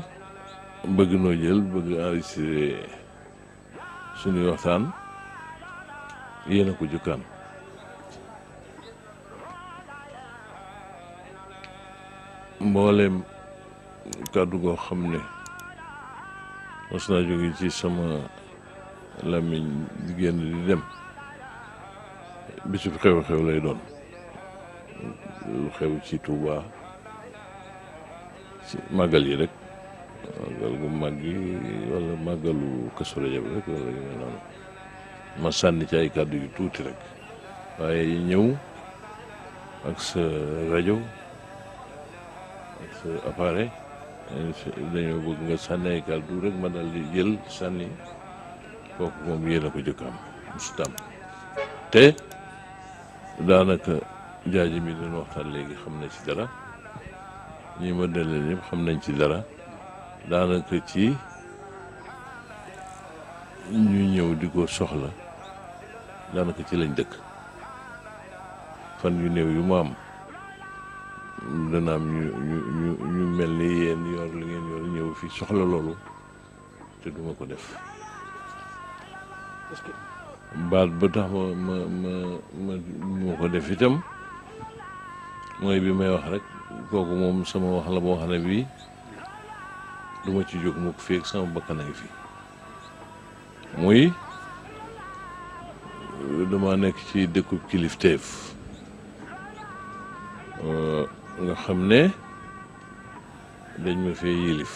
[SPEAKER 1] bëgg noo jël bëgg enregistré sunuy waxtaan yéen ko jukkaan mboolem kàddu goo xam ne ci sama lamin di di dem bisub xew-xew lay doon lu xew ci Touba ci yi rek màggal gu màgg yi wala màggalu Kazu Rajab rek wala yu mel noonu ma sànni ci ay kàddu yu tuuti rek waaye ñëw ak sa rajo ak sa appareil nga sànni ay kàddu rek ma daal di jël sànni kooku moom yéen a ko jëkk am mustaam te daanaka jaaji mi doon waxtaan léegi xam na ci dara ñi ma delleel yëpp xam nañ ci dara daanaka ci ñu ñëw di ko soxla daanaka ci lañ dëkk fan yu néew yu ma am dana am ñu ñu ñu ñu mel ni yéen yor li ngeen yor ñëw fi soxla loolu te duma ko def. baat ba tax ma ma ma ma ma ko def itam mooy bi may wax rek kooku moom sama wax la boo xam ne bii du ma ci jóg mukk fii sama bakkan a fi muy dama nekk ci dëkkub kilifteef nga xam ne dañ ma fee yilif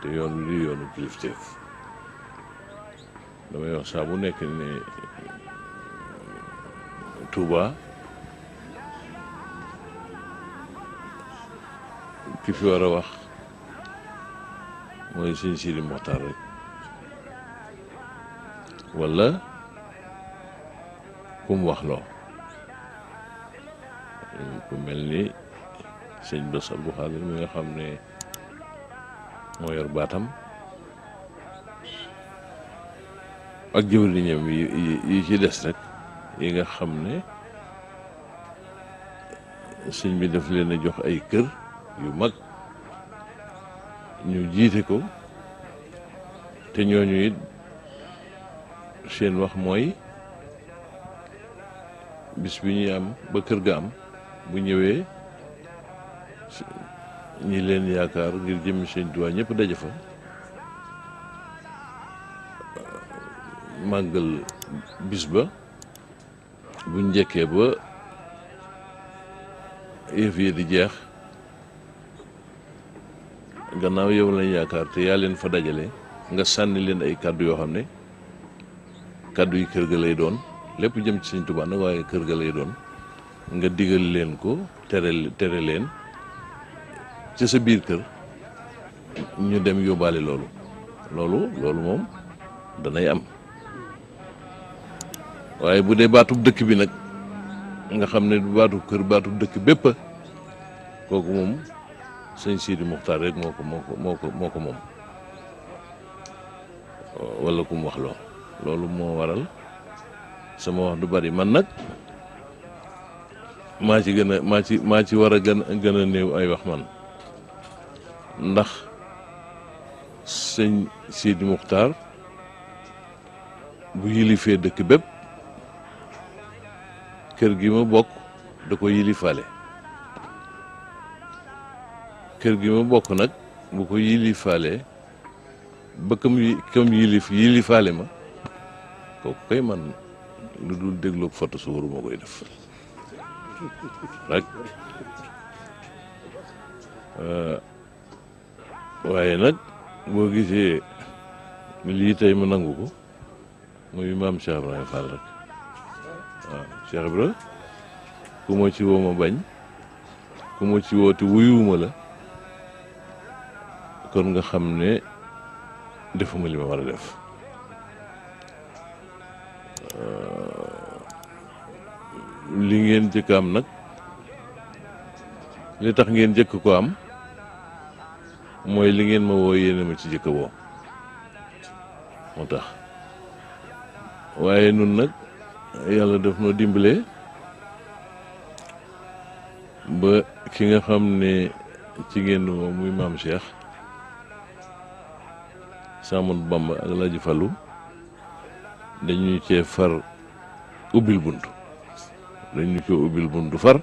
[SPEAKER 1] te yoon bi du yoonu kilifteef damay wax saa bu nekk ne Touba ki fi a wax mooy sëñ Sidi Moxtaar rek wala ku mu wax loo ku mel ni sëñ Bass Abdou Khadre mi nga xam ne moo baatam ak jëwriñam yi ci des nag yi nga xam ne sëñ bi daf leen a jox ay kër yu mag ñu jiite ko te ñooñu it seen wax mooy bis bi ñuy am ba kër ga am bu ñëwee ñi leen yaakaar ngir jëmmi seen duwaa ñëpp daje fa màggal bis ba bu njëkkee ba yëf yi di jeex gannaaw yow lañ yaakaar te yaa leen fa dajale nga sànni leen ay kàddu yoo xam ne kàddu yi kër ga lay doon lépp jëm ci Sëñ Tuubaa nag waaye kër ga lay doon nga digal leen ko tere tere leen ci sa biir kër ñu dem yóbbaale loolu loolu loolu moom danay am waaye bu dee baatub dëkk bi nag nga xam ne baatub kër baatub dëkk bépp kooku moom sëñ Sidi Muxtaar rek moo ko moom wala kum wax loo loolu moo waral sama wax du bari man nag maa ci gën a maa ci maa ci war a gën a gën a néew ay wax man ndax sëñ Sidi Muxtaar bu yilifee dëkk bépp kër gi ma bokk da ko yilifale kër gi ma bokk nag bu ko yilifalee ba kam kam yilif yilifale ma kooku koy man lu dul dégloog foto su waruma koy def rek euh, waaye nag boo gisee lii tey ma nangu ko muy maam Cheikh Ibrahima rek waaw Cheikh Ibra ku ma ci woo ma bañ ku ma ci woo te la kon nga xam ne defuma li ma war a def euh, li ngeen jëkk am nag li tax ngeen jëkk ko am mooy li ngeen ma woo yéen ma ci jëkk woo moo tax nun nag yàlla def ma dimbale ba ki nga xam ne ci génn moom muy maam Cheikh Saamoon Bamba ak Laaji Fallu dañuy cee far ubbil bunt dañu ko ubbil buntu far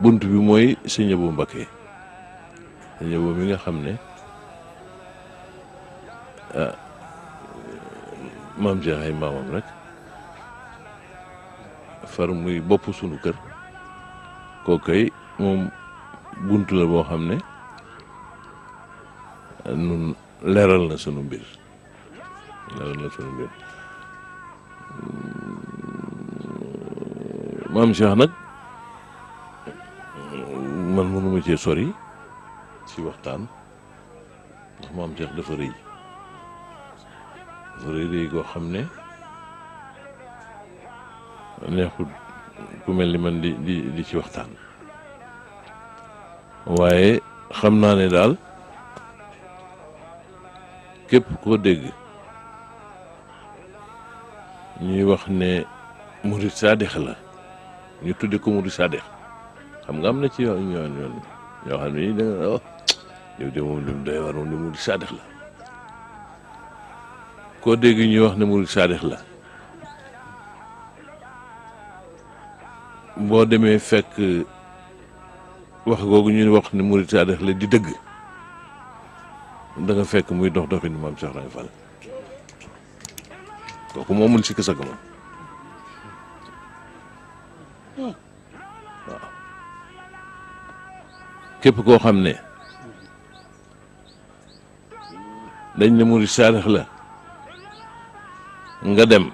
[SPEAKER 1] bunt bi mooy sëñ Abo Mbakke sëñ Abo mi nga xam ne ah maam Cheikh ay maamam rek far mu boppu sunu kër kookoy moom bunt la boo xam ne nun leeral na sunu mbir leeral na sunu mbir maam Cheikh nag man mënuma cee sori si waxtaan ndax maam Cheikh dafa rëy dafa rëy rëy goo xam ne neexut ku mel ni man di di di ci waxtaan waaye xam naa ne daal képp koo dégg ñuy wax ne murid saadix la ñu tudde ko murid saadix xam nga am na ci yoon yoon yoon ñoo xam ne da nga wax yow de moom li mu doy war moom ne murid saadix la koo dégg ñuy wax ne murid saadix la bo que fekk wax googu ñu wax ni murid que la di deug da nga fekk muy dox doxin mom Cheikh Ibra Fall kooku moo ci si kës képp koo xam ne dañ ne murid saadax la nga dem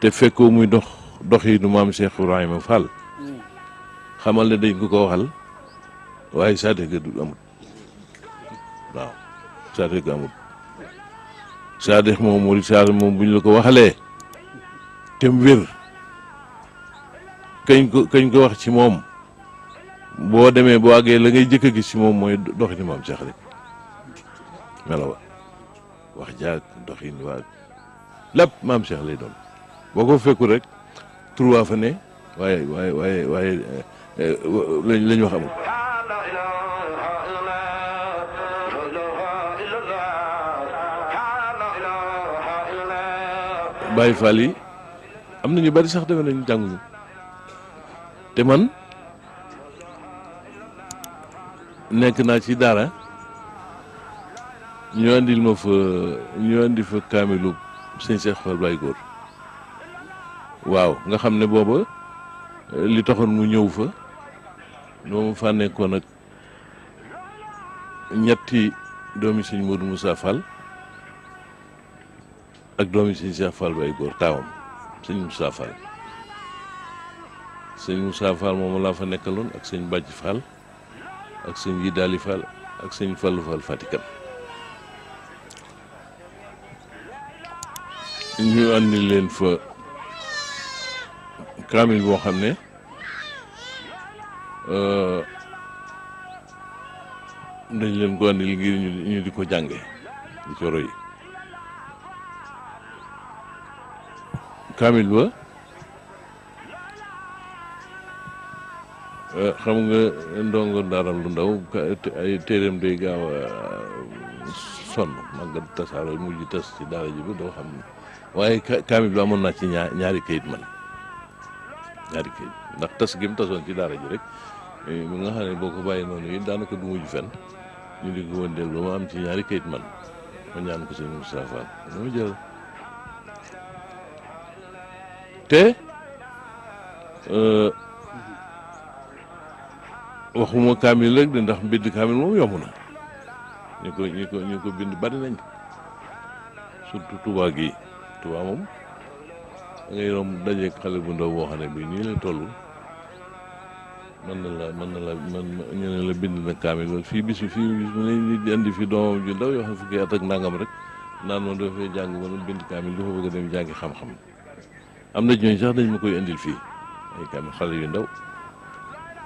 [SPEAKER 1] te fekkoo muy dox doxiinu maam Cheikh Ibrahima Fall xamal ne dañ ko ko waxal waaye saadega du amut waaw saadega amut saadeg moom murid saadeg moom bu ñu la ko waxalee te mu wér kañ ko kañ ko wax ci moom boo demee boo àggee la ngay jëkk a gis ci moom mooy doxinu maam Cheikh rek melawa wax jaag doxin waag lépp maam Cheikh lay doon boo ko fekku rek tur fa ne waaye waaye waaye waaye lañ eh, eh, lañ wax amul. Baye Fall yi am na ñu bari sax defe nañu jànguñu te man nekk naa ci daara ñu andil ma fa ñu andi fa kaamilu sëñ Cheikh Fall Baye Góor. waaw nga xam ne booba eh, li taxoon mu ñëw fa moom fa nekkoon ak ñetti doomi sëñ Modou Moussa Fall ak doomi sëñ Cheikh Fall bay góor taawam sëñ Moussa Fall sëñ Moussa Fall moom laa fa nekkaloon ak sëñ Bàcc Fall ak sëñ Yidaali Fall ak sëñ Fallu Fall Fatikan ñu andi fa kamil boo xam ne dañ leen ko andil ngir ñu di ko jànge di ko roy kamil ba xam nga ndongo daaral lu ndaw ay téeréem day gaaw a sonn màggat tasaaro mujj tas ci daara ji ba doo xam waaye kamil ba amoon naa ci ñaari kayit man ñaari kii ndax tas gi mu tasoon ci daara ji rek eh, mu nga xam ne boo ko bàyyi noonu it daanaka du mujj fenn ñu di ko wëndeel ba ma am ci ñaari kayit man ma ñaan ko sëñ Moustapha mu jël te eh, waxuma kamil rek de ndax mbind kamil moom yomb na ñu ko ñu ko ñu ko bind bari nañ surtout tuba gi tuba moom ngay romb dajeeg xale bu ndaw boo xam ne bii nii la toll mën na la mën na la mën ñu ne la bind na kaamil ba fii bisu fii bis mu ne di andi fi doomam ju ndaw yoo xam fukki at ak nangam rek naan ma dafay jàng ba bind kaamil dafa bëgg a dem jàngi xam-xam am na ñooñu sax dañ ma koy indil fii ay kaamil xale yu ndaw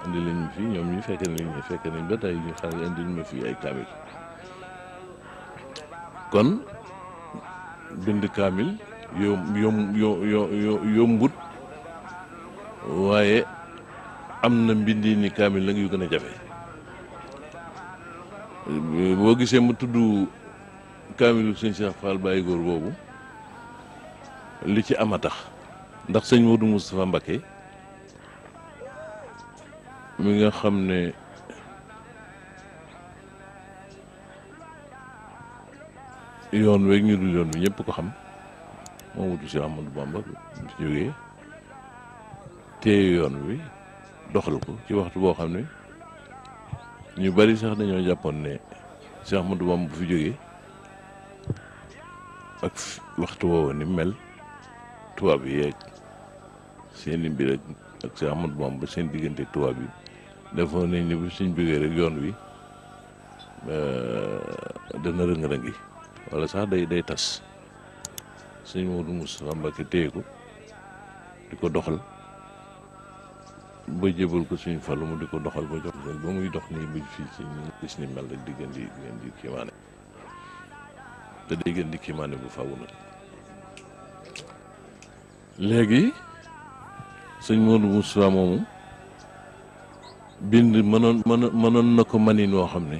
[SPEAKER 1] indi lañ ma fii ñoom ñu fekk nañ ma fekk nañ ba tey ñu xale indil ma fii ay kaamil kon bind kaamil. yom yom yo yombut waaye am na mbindi ni kaamil la yu gën a jafe boo gisee ma tudd kaamilu sëñ Cheikh Fall Baye Góor boobu li ci am a tax ndax sëñ Modou Moustapha Mbacké mu nga xam ne yoon weeg ñu dul yoon bi ñëpp ko xam moom wutu si Amadou Bamba mu ci jógee wi doxal ko ci waxtu boo xam ñu bari sax c'est jàppoon ne si Amadou Bamba fi jógee ak waxtu woowu ni mel tubaab yi yeeg seen i ak si Amadou de seen c'est tubaab yi nañ ni bu suñ rek yoon wi euh, sëñ Modou Moustapha Mbacké téye ko di ko doxal ba jébal ko suñu lu mu di ko doxal ba jox muy dox nii ba fii ci ñu gis ni te day di kiimaane bu faaw léegi sëñ Modou Moustapha moomu bind mënoon mënoon na ko manin woo xam ne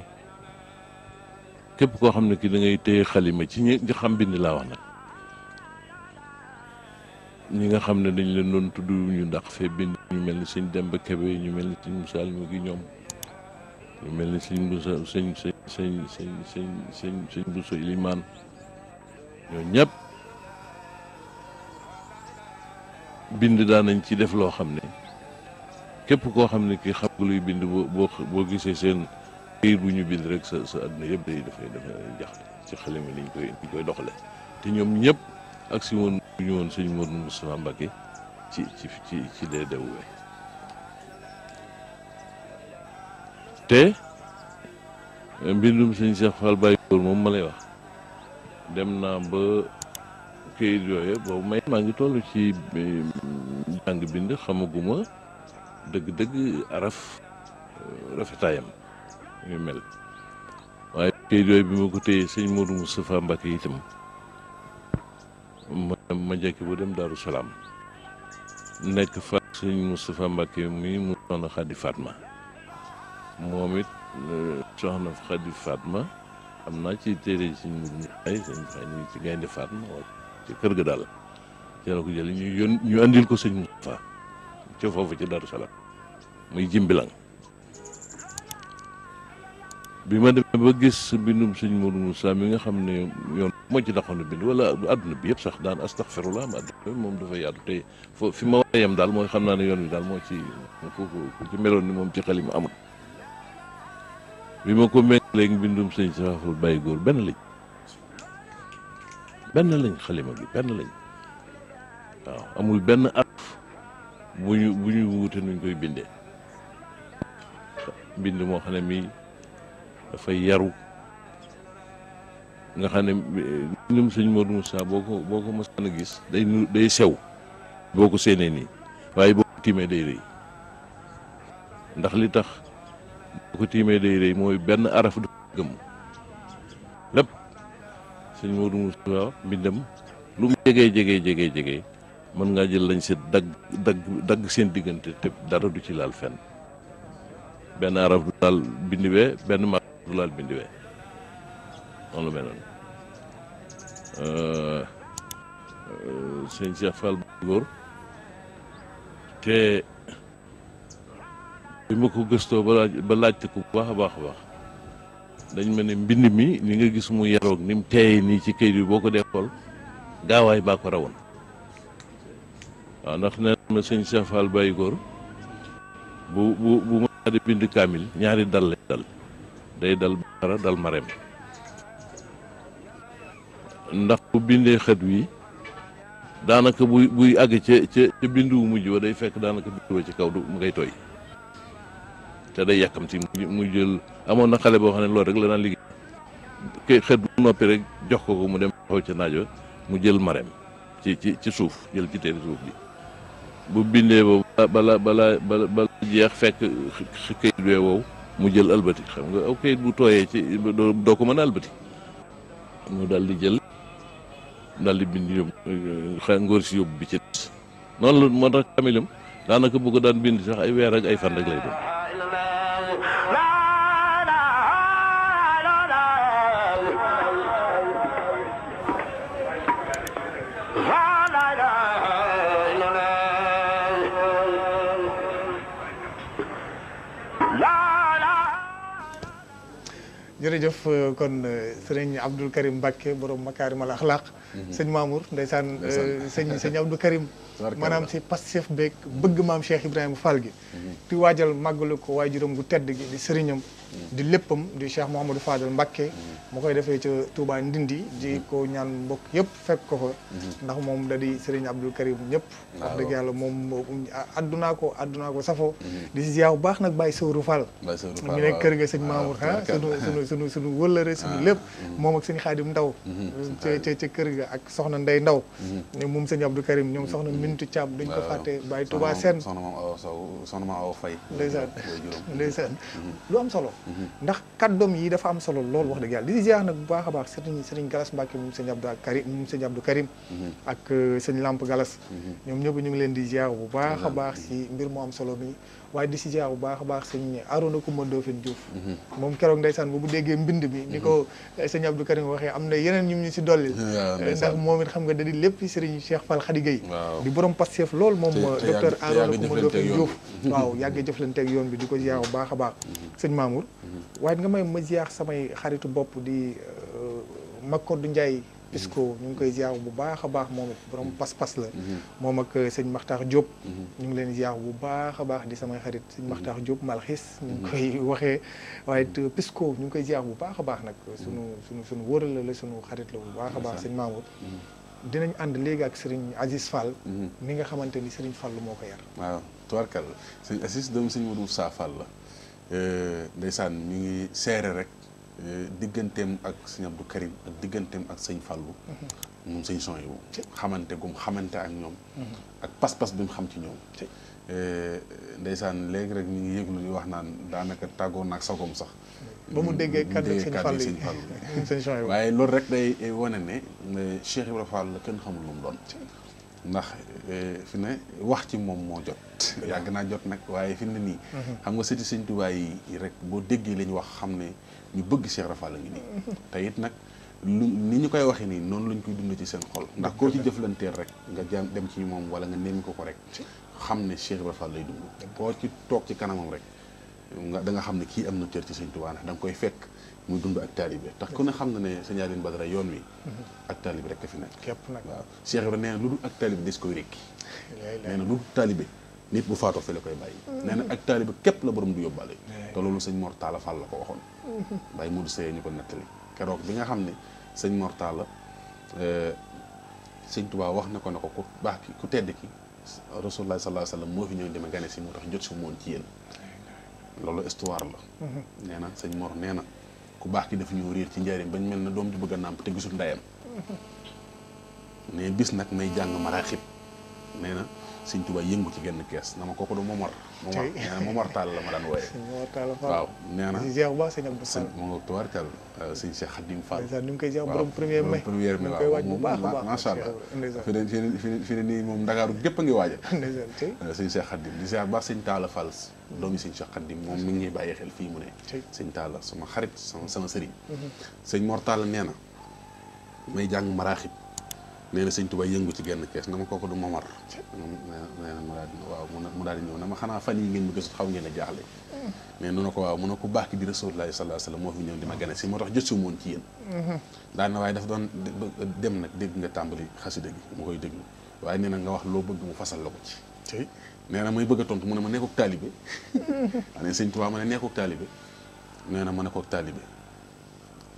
[SPEAKER 1] képp koo xam ne ki da ngay téye xalima ci ñi xam bind laa wax nag ñi nga xam ne dañ leen doon tudd ñu ndax fee bind ñu mel ni sëñ Demba Kébé ñu mel ni sëñ Moussa mu gi ñoom ñu mel ni sëñ Moussa sëñ sëñ sëñ sëñ sëñ sëñ ñoo ñëpp bind daan nañ ci def loo xam ne képp koo xam ne ki xam nga luy bind boo gisee seen këyit bu ñu bind rek sa sa àdduna day dafay dafay jaxle ci xale mi lañ koy koy doxale te ñoom ñëpp ak si woon ñu ngi woon sëñ Mourou Moustapha Mbacké ci ci ci ci DDW te mbindum sëñ Cheikh Fall Baye Góor moom ma lay wax dem naa ba këyit yooyu boobu may maa ngi toll ci mm, jàng bind xamaguma dëgg-dëgg araf euh, rafetaayam yu mel waaye këyit yooyu bi ma ko téye sëñ Mourou Moustapha Mbacké itam. ma jekki bu dem Daaru Salaam nekk fa sëñ Moustapha Mbacke mi mu soxna Xadi Fatma moom it euh, soxna Xadi Fatma am naa ci téere sëñ Moudou Ndiaye sëñ fa ñu ci gaynde Fatma ci kër ga daal ci la ko jële ñu yón ñu andil ko sëñ Moustapha ca foofu ci Daaru muy jimbilang bi ma demee ba gis bindum sëñ Moudou Moussa mi nga xam ne yoon مجي لاخون بيل ولا ادن بيت شيخ دان استغفر الله ما ادري موم دو في يادو تي في ما يام دال موي خمنا أنا يوني دال موي تي كوكو تي ميلون ني موم تي خليم امول بما كو مين لي آه، بندوم سيني شرافل باي غور بن لي بن لي خليم بي بن لي امول بن اف بو بو ووتو نوي كوي بيندي بيند مو خنا مي دا فاي يارو nga xam ne ñoom sëñ boko Moussa boo ko boo ko mos gis day day sew boko ko séenee nii waaye boo ko tiimee day rëy ndax li tax boo ko tiimee day rëy mooy benn araf du dag lépp sëñ Modou Moussa mbindam lu mu jegee jegee jegee jegee mën ngaa jël lañ seen dara du ci fenn araf du du mel Euh, euh, sëñ Cheikh Fall góor te bi ma ko gëstoo ba laaj laajte ko bu baax a baax a baax dañ ma ne mbind mi ni nga gis mu yaroog ni mu teeye nii ci këyit bi boo ko dee xool gaawaay baa ko rawoon waaw ndax nee na sëñ Cheikh Fall góor bu bu bu ma di bind kaamil ñaari dal lay dal day dal Bakara dal Marème ndax bu bindee xët wi daanaka buy buy àgg ca ca wu mujj wa day fekk daanaka bindu wa ci kaw du mu ngay tooy te day yàkkamti mu jël amoon na xale boo xam ne loolu rek la daan liggéey xët bu rek jox ko mu dem taxaw ca mu jël mareem ci ci ci suuf jël ci teeri suuf bi bu bindee boobu bala bala bala jeex fekk këyit wee wow mu jël albati xam nga aw këyit bu tooyee ci doo ko mën a albati mu daal di jël daal di bind yóbbu xëy eh, ngóor si yóbbu bi ci noonu la moo tax kaamilam daanaka bu ko daan bind sax ay weer ak ay fan rek lay doon.
[SPEAKER 2] jërëjëf euh, kon euh, sëriñ Abdou Karim Mbacke borom makaarimal axlaaq mhm. sëñ Mamour ndeysaan euh, sëñ sëñ Abdou Karim maanaam si Pastef beeg bëgg maam Cheikh Ibrahima Fall gi mhm. di waajal màggalu ko waajuram gu tedd gi di sëriñam di léppam di Cheikh Mouhamadou Fadel mbakke mu koy defee ca Touba Ndindi di ko ñaan mbokk yëpp fekk ko ko ndax moom da di Serigne Abdou Karim ñëpp wax dëgg yàlla moom addunaa ko addunaa ko safo mhm. di si ziar baax nag Baye Sowru Fall ñu nekk kër nga sëñ ah, Mamour ah sunu sunu sunu ah. lépp mhm. moom ak sëñ Xaadim Ndaw mhm. ca ci kër ga ak soxna Ndey Ndaw moom sëñ Abdou Karim ñoom soxna Mintu Thiam duñ ko fàtte Baye Touba Sène
[SPEAKER 3] soxna maam Awa Sow soxna maam Awa
[SPEAKER 2] lu am solo ndax kàddoom yi dafa am solo lool wax dëgg yàlla di ziar nag bu baax a baax sëriñ sëriñ Galas Mbacke moom sëñ Abdou Karim moom sëñ Abdou Karim ak euh, sëñ làmp Galas mhm. ñoom ñëpp ñu ngi leen di ziar bu baax a mhm. baax si mbir mu am solo mi waaye di si jaar bu baax a baax sëñ Arouna Coumba Ndoffène Diouf mhm. moom keroog ndeysaan bu bu déggee mbind bi ni ko mhm. eh, sëñ Abdou Karim waxee am na yeneen ñum ñu si dollil <laughs> eh, ndax moom it xam nga dadi lépp sëriñ Cheikh Fall Khady Gueye di borom Pastef lool moom docteur Arouna Coumba Ndoffène Diouf waaw yàggee jëflanteeg yoon bi di ko ziar bu baax a baax mhm. sëñ Mamour waaye nga may ma samay xaritu bopp di eh, Makodou Ndiaye Pisco ñu ngi koy ziar bu baax a baax moom it borom mm-hmm. pas-pas la. Mm-hmm. moom ak euh, sëñ Maxtaar Diop. Mm-hmm. ñu ngi leen ziar bu baax a baax di samay xarit sëñ Maxtaar jóob Malxis. ñu ngi koy <laughs> waxee waaye it ñu ngi koy ziar bu baax a baax nag. sunu sunu sunu wóoral la sunu xarit la bu baax a baax sëñ Mamour. dinañ ànd léegi ak Serigne Aziz Fall. mi nga xamante ni Serigne Fall moo ko yar.
[SPEAKER 3] waaw tubarkal sëñ Aziz dem sëñ Modou Sa Fall la euh, ndeysaan mi ngi seere rek. Euh, digganteem ak sëñ Abdou Karim ak digganteem ak sëñ Fallou moom mhm. sëñ son yow xamante gum xamante ak ñoom mhm. ak pas-pas bi mu xam ci ñoom euh, ndeysaan léegi rek ñu ngi yëglu di wax naan daanaka tàggoo naag sagoom sax ba mu déggee kàddu sëñ Fallou sëñ Fallou <laughs> waaye loolu rek day wane ne euh, Cheikh Ibrahima Fall la kenn xamul lu mu doon ndax euh, fi ne wax ci moom moo jot yàgg naa jot nag waaye fi ne nii mhm. xam nga sëti sëñ Tuubaa yi rek boo déggee la ñu wax xam ne ñu bëgg Cheikh Rafal la ngi nii mhm. te it nag lu ni ñu koy waxee nii noonu lañ koy dund ci seen xol ndax koo ci jëflanteel rek nga jam dem ci ñu moom wala nga nemmi ko ko rek xam ne Cheikh Rafal lay dund koo ci toog ci kanamam rek nga da nga xam ne kii am na cër ci sëñ Tuubaa ndax da koy fekk muy dund ak taalibe tax ku ne xam na ne sëñ Alioune Badara yoon wi ak taalibe rek a fi nekk képp nag waaw Cheikh Ibrahima nee na lu dul ak taalibe des koy rékki nee na lu dul taalibe nit bu faatoo fi la koy bàyyi mm-hmm. nee na ak taalibe képp la boroom du yóbbaale te loolu sañ Mor Talla Fall la ko waxoon
[SPEAKER 4] mm-hmm.
[SPEAKER 3] bàyyi Modou Seye ñu ko nettali keroog bi nga xam ne sañ Mor Talla eh, sëñ Tuubaa wax na ko ne ko ku baax ki ku tedd ki Rasulullah sallallahu alayhi wa sallam moo fi ñëw deme gane si jot si moon ci yéen loolu histoire la mm-hmm. nee na nee na ku baax ki dafa ñëw réer ci njëriñ bañ mel na doom ju bëgg a nàmp te gisul ndeyam ne <laughs> bis nag may jàng ma maraaxib nee na sëñ Tuubaa yëngu ci genn kees na ma kooku du Momar. Momar nee na Momar la ma daan wooye.
[SPEAKER 2] <laughs> waaw
[SPEAKER 3] nee na. jeex euh,
[SPEAKER 2] koy jeex borom premier mai. premier moom macha allah. fi
[SPEAKER 3] ne fi ne fi ne nii moom Ndakaaru gépp a ngi waaj a. <laughs> Euh, sëñ Cheikh Khadim di ziar moom mi ngi ñuy bàyyi xel fii mu ne. sëñ Talla sama xarit sama sama sëriñ. Mhm. sëñ Mor Tall nee na may jàng maraaxib nee na sëñ Tuubaa yëngu ci genn kees na ma kooku du Momar nee na mu daal di daal di ñëw na ma xanaa fan yi ngeen ma gisut xaw ngeen a jaaxle mais nu na ko waaw mu ne baax ki di Rasulullaahi sallallaahu moo fi ma gane si moo tax jëstu woon ci
[SPEAKER 4] yéen
[SPEAKER 3] daan na dem nag dégg nga tàmbali xasida gi mu koy déglu waaye nee na nga wax loo bëgg mu fasal la ko ci nee bëgg a tontu mu ne ma nekkook taalibe <laughs> ane sëñ Tuubaa ma ne nekkook taalibe nee na ma nekkook taalibe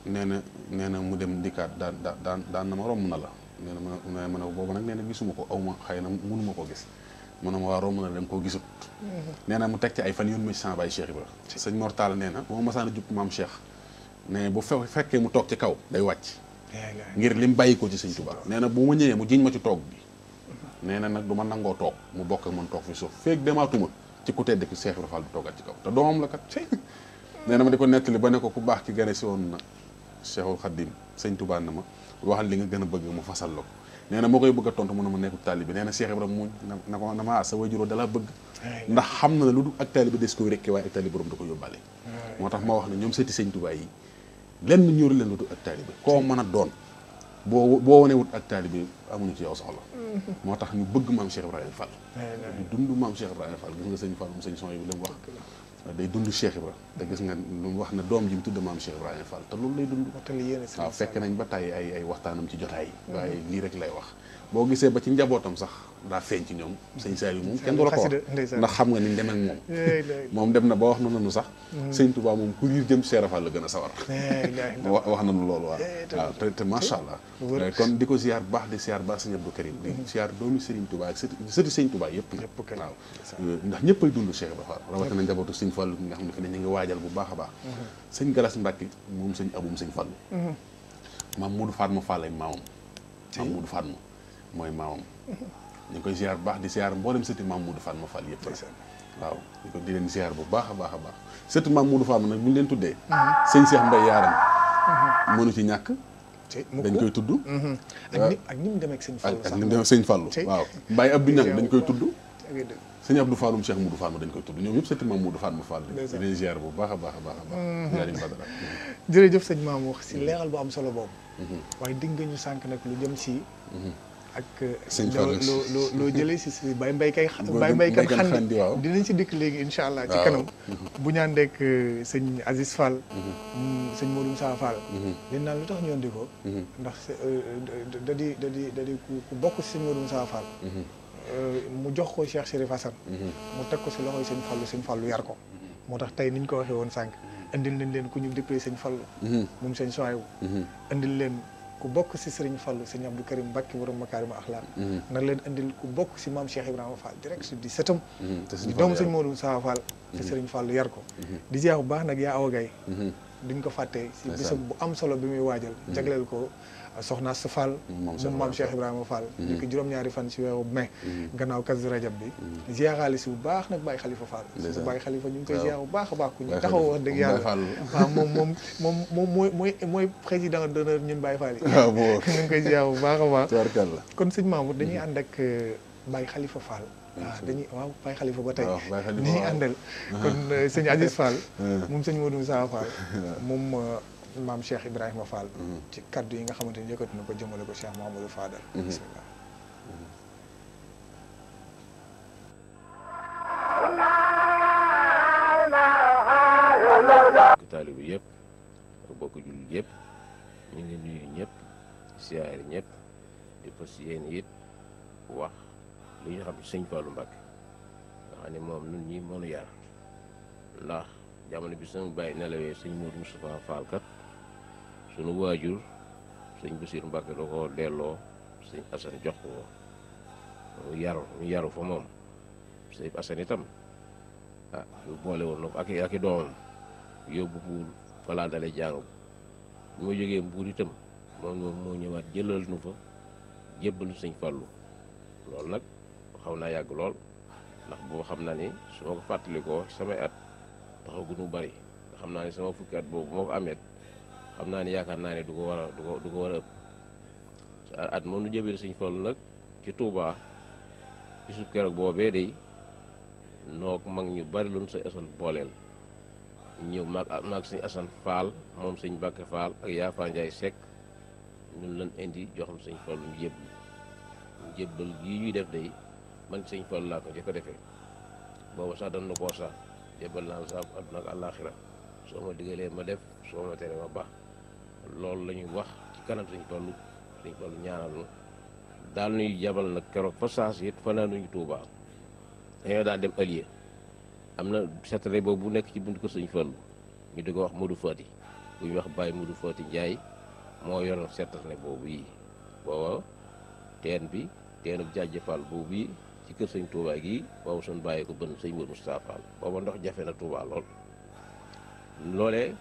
[SPEAKER 3] nee na nee na mu dem dikkaat daan daan daan na ma romb na la nee na ma ma ne boobu nag nee na gisuma ko aw ma xëy na mënuma ma ne ma waa romb na da nga koo gisut
[SPEAKER 4] mm-hmm.
[SPEAKER 3] nee na mu teg ay fan yoon ma ci sama baay Cheikh Ibra sëñ Mortal nee na boo masaan a jub maam Cheikh ne bu fekkee mu toog ci kaw day wàcc ngir lim bàyyi ko ci sëñ Tuubaa nee na bu ma ñëwee mu jiñ ma ci toog bi na nag du ma nangoo toog mu bokk ak man toog fi soo feeg demaatuma ci ku tedd ki Cheikh Ibra Fall du ci kaw te doomam la kat <laughs> nee na ma di ko nettali ba ne ko ku baax ki gane si woon na Cheikhul Khadim sëñ Tuubaa na ma waxal li nga gën a bëgg mu fasal la ko nee na moo koy bëgg a tontu mu ne ma nekkul taalibe nee na Cheikh Ibrahima mu na ko na ma ah sa wajuroo dala bëgg ndax xam na ne lu dul ak taalibe des koy rekkee waaye ak taalibe borom da ko yóbbaale moo tax ma wax ne ñoom seeti sëñ Tuubaa yi lenn leen lu dul ak taalibe koo mën a doon boo boo wanee wut ak amuñu ci yow soxla mm-hmm. moo tax ñu bëgg maam Cheikh Ibrahima Fall di dund maam Cheikh Ibrahima Fall gis nga sëñ Fall moom sëñ son yi li mu wax day dund Cheikh Ibra te gis nga lu wax ne doom ji mu tudd maam Cheikh Ibrahima Fall te loolu lay dund waaw fekk nañ ba tàyyi ay ay waxtaanam ci jotaay mm-hmm. waaye lii rek lay wax boo gisee ba ci njabootam sax daa feeñ ci ñoom sëñ Saliou moom kenn du la ko wax xam nga ni demee ak moom <laughs> moom dem na ba wax na nanu sax mm. sëñ Touba moom ku riir jëm la gën a <laughs> wax nanu loolu waaw waaw te te macha eh, ko ziar baax di ziar baax sëñ Abdou Karim di ziar doomi Serigne Touba ak sëti sëñ Touba yëpp waaw eh, ndax ñëpp ay dund Cheikh Rafal rawatina na njabootu sëñ Fallu nga xam ne fi ne ñu ngi waajal bu baax a mm-hmm. mooy maamam ñu ngi koy ziar bu baax di boo mboolem sëti maam Moudou Fall ma Fall yëpp waaw di leen ziar bu baax a baax a baax sëti maam Moudou Fall leen tuddee mhm. sëñ Cheikh Mbaye yaaram mhm. mënu ci ñàkk
[SPEAKER 2] mhm. dañ koy tudd ak ni mu demee ak sëñ Fallou ak ni mu demee
[SPEAKER 3] sëñ Fallou waaw Mbaye Abdou Niang dañ koy tudd sëñ Abdou Falloum Cheikh Moudou Fall ma dañ koy tudd ñoom yëpp sëti maam Moudou Fall ma Fall di leen ziar bu a baax a baax a baax
[SPEAKER 2] jariñ Badara jërëjëf sëñ wax si leeral bu am solo boobu waaye dégg nga ñu sànq nag lu jëm si ak loo loo loo jëlee si si bay mbaykan bay mbaykan xandi dinañ si dikk léegi incha allah ci kanam mm-hmm. bu ñaan dekk euh, sëñ Aziz Fall mm-hmm. mm, sëñ Modou Moussa Fall leen mm-hmm. naan lu tax ñu andi ko ndax euh, euh, da di da di da di ku bokk si sëñ Modou Moussa mu jox ko Cheikh Chérif Hassan mu teg ko si loxo sëñ Fallu sëñ Fallu yar ko moo tax tey niñ ko waxee woon sànq indil leen leen ku ñu dippee sëñ Fallu moom sëñ Soyew indil leen ku bokk si Serigne Fallou Serigne Abdou Karim Mbacke borom makaarima axlaaq mm-hmm. nag leen andil ku bokk si maam Cheikh Ibrahima Fall direct mm-hmm. di sëtam
[SPEAKER 4] di doom Serigne Modou
[SPEAKER 2] Moussa Fall te mm-hmm. Serigne Fallou yar ko di ziar bu baax nag yaa awagay duñ ko fàttee si bisam bu am solo bi muy waajal jagleel ko soxna su Fall moom maam Cheikh Ibrahima Fall dikk mm-hmm. juróom-ñaari fan si weeru mai mm-hmm. gannaaw kas rajab bi mm-hmm. ziaraale si bu baax nag Baye Khalifa faal suñu Baye ñu ngi bu baax a baax ku ñu taxaw wax dëgg yàlla <laughs> waaw moom moom moom moom mooy mooy mooy président d'honneur ñun Baye Fall yi <laughs> ah, ñu ngi koy ziar bu baax a baax kon sëñ Mamour dañuy ànd ak euh, Baye Khalifa Fall waaw ah, dañuy waaw Baye Khalifa ba tey ni ah, ñuy àndal <laughs> kon euh, sëñ Aziz Fall moom sëñ Modou Moussa Fall moom euh, Mam Cheikh Ibrahima Fall. Mhm. ci kaddu yi nga xamante ni yëkkati na ko Cheikh Mouhamadou Fadal. Mhm. bismillah.
[SPEAKER 5] bokk taalibe yëpp bokk ngi nuyu di fas yéen it wax li ñu xam ci sëñ Fallou Mbacké nga ñun ñi mënu yar ndax jamono bi Mourou Fall kat sunu waajur sëñ Basiir Mbàkke da ko delloo sëñ Asan jox ko mu yaru mu yaru fa moom sëñ itam ah ñu ak ak i doomam yóbbu mbuur falaa dale jàng bu fa jébbalu sëñ Fàllu loolu nag xaw naa yàgg lool boo xam na ni su ma ko fàttalikoo samay at bari xam naa ni sama fukki at boobu moo ko ameet xam naa ne yaakaar naa ne du ko war a du ko du ko war a ëpp at moom nu jëbee sëñ Fallu mag ñu bari luñ sëñ Asan booleel ñëw maag maag sëñ Asan Faal ak Yaafaa Njaay Sekk ñun lañ indi joxam sëñ Fallu ñuy def man sëñ Fallu laa ko jëkk defee boobu sax dañ na koo sax jébbal naa la sax àdduna ak àllaaxira soo ma digalee ma def soo ma tere ma baax loolu la ñuy wax ci kanam suñ toll suñ toll ñaanal na daal nuy jabal nag keroog fa saas it fanaanuñu Tuubaa dañoo daal dem Alieu am na satale boobu bu nekk ci buntu ko sëñ Fallu ñu di ko wax Modou Fati bu wax Baye Modou Fati Ndiaye moo yoroon satale boobu yi booba teen bi teenub jàjj Fall boobu yi ci kër sëñ Touba gi boobu suñ bàyyi ko bën sëñ Mour Moustapha booba ndox jafe na tuubaa lool loolee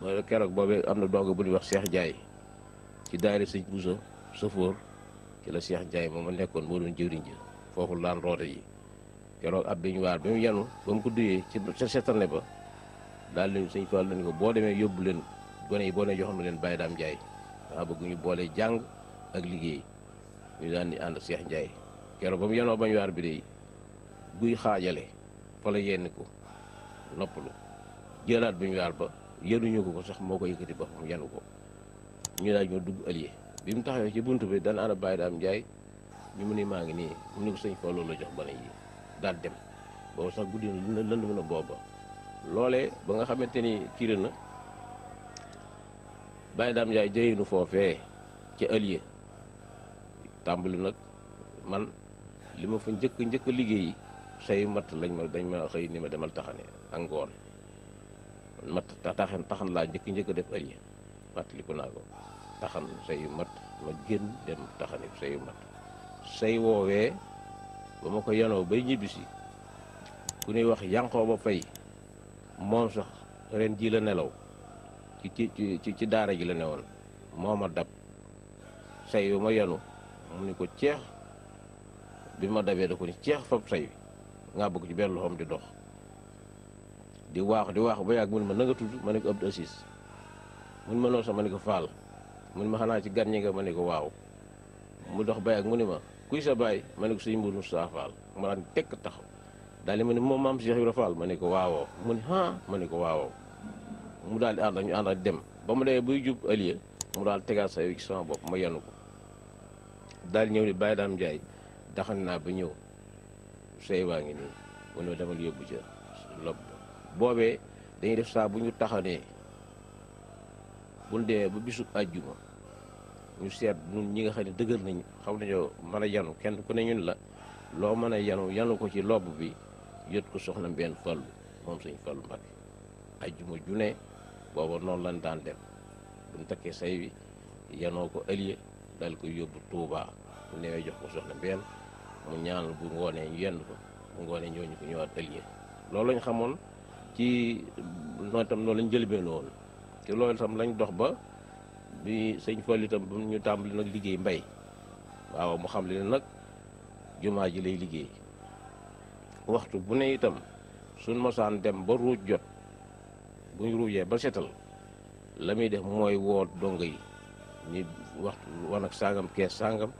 [SPEAKER 5] mooy keroog boobee am na doogo bu ñuy wax Cheikh Ndiaye ci daayira sëñ Bousso Safoor ci la Cheikh Ndiaye moom ma nekkoon moo doon jëwriñ ji foofu laan roote yi keroog ab bi ñu waar ba yanu ba mu ko duyee ci ca seetane ba daal sëñ Fall leen ko boo demee yóbbu leen gone yi boo nee joxoon na leen Baye Dame Ndiaye ndax ñu boole jàng ak liggéey ñu daan di ànd Cheikh Ndiaye keroog ba mu yanoo bañ waar bi de guy xaajale fa la yenn ko noppalu jëlaat bu waar ba. yenuñu ko ko sax moo ko yëkkati boppam yenu ko ñu daal ñoo dugg allié bi mu taxawee ci bunt bi dana ana bàyyi daam njaay ñu mu ne maa ngi nii mu ne ko sëñ Fallou la jox bana yi daal dem boobu sax guddi na lënd mën a ba nga xamante ni tiire na bàyyi daam njaay jëyeenu foofee ca allié tàmbali nag man li ma fa njëkk njëkk liggéey say matt lañ ma dañ ma xëy ni ma demal taxane ak ngoon mat taxan taxan laa njëkk njëkk def añi fàttaliku naa ko taxan say yu mat ma génn dem taxanib say yu mat say woowee ba ma ko yanoo ba ñibbisi ku ñuy wax yanqoo ba fay moom sax ren ji la nelaw ci daara ji la newoon moo ma dab say yu ma yanu mu ni ko ceex bi ma dabee da ko ni ceex fab say wi ngaa bëgg ci benn loxoom di dox di waax di waax ba yàgg mun ma na nga ma ne ko Abdou Assis mun ma noonu sax ma ne ko Fall mun ma xanaa ci gan ñi nga ma ne ko waaw mu dox ba mu ne ma kuy sa baay ma ne ko sëñ Mbour Moussa ma daan tekk taxaw daal ma ne moom maam Cheikh Ibrahima Fall ma ne ko waawoo ma ne ko waawoo mu daal di ànd ak ñu ànd ak dem ba mu demee buy jub Aliou mu daal tegaat sa ci sama bopp ma yanu ko daal ñëw di Baye Dame Ndiaye daxan naa ba ñëw say waa ngi nii mu ne ma demal yóbbu ca lopp boobee dañuy def saa bu ñu taxanee bu demee ba bisub àjjuma ñu seet ñun ñi nga xam ne dëgër nañ xam nañoo mën a yanu kenn ku ne ñun la loo mën a yanu yanu ko ci lobb bi yët ko soxna benn fallu moom sëñ fallu Mbàkke àjjuma ju ne booba noonu lañ daan def buñ takkee say bi yanoo ko ëliyee dal ko yóbbu Tuubaa bu newee jox ko soxna benn mu ñaanal bu ngoonee ñu yenn ko bu ngoonee ñooñu ko ñëwaat ëliyee loolu lañ xamoon ci noonu itam noonu lañ jëlbee loolu ci loolu itam lañ dox ba bi sëñ fol itam bu ñu tàmbali nag liggéey mbay waaw mu xam leen nag jumaa ji lay liggéey waxtu bu ne itam suñ mosaan dem ba ruuj jot bu ñu ruujee ba setal la muy def mooy woot dongo yi ni waxtu wan ak sangam kees sangam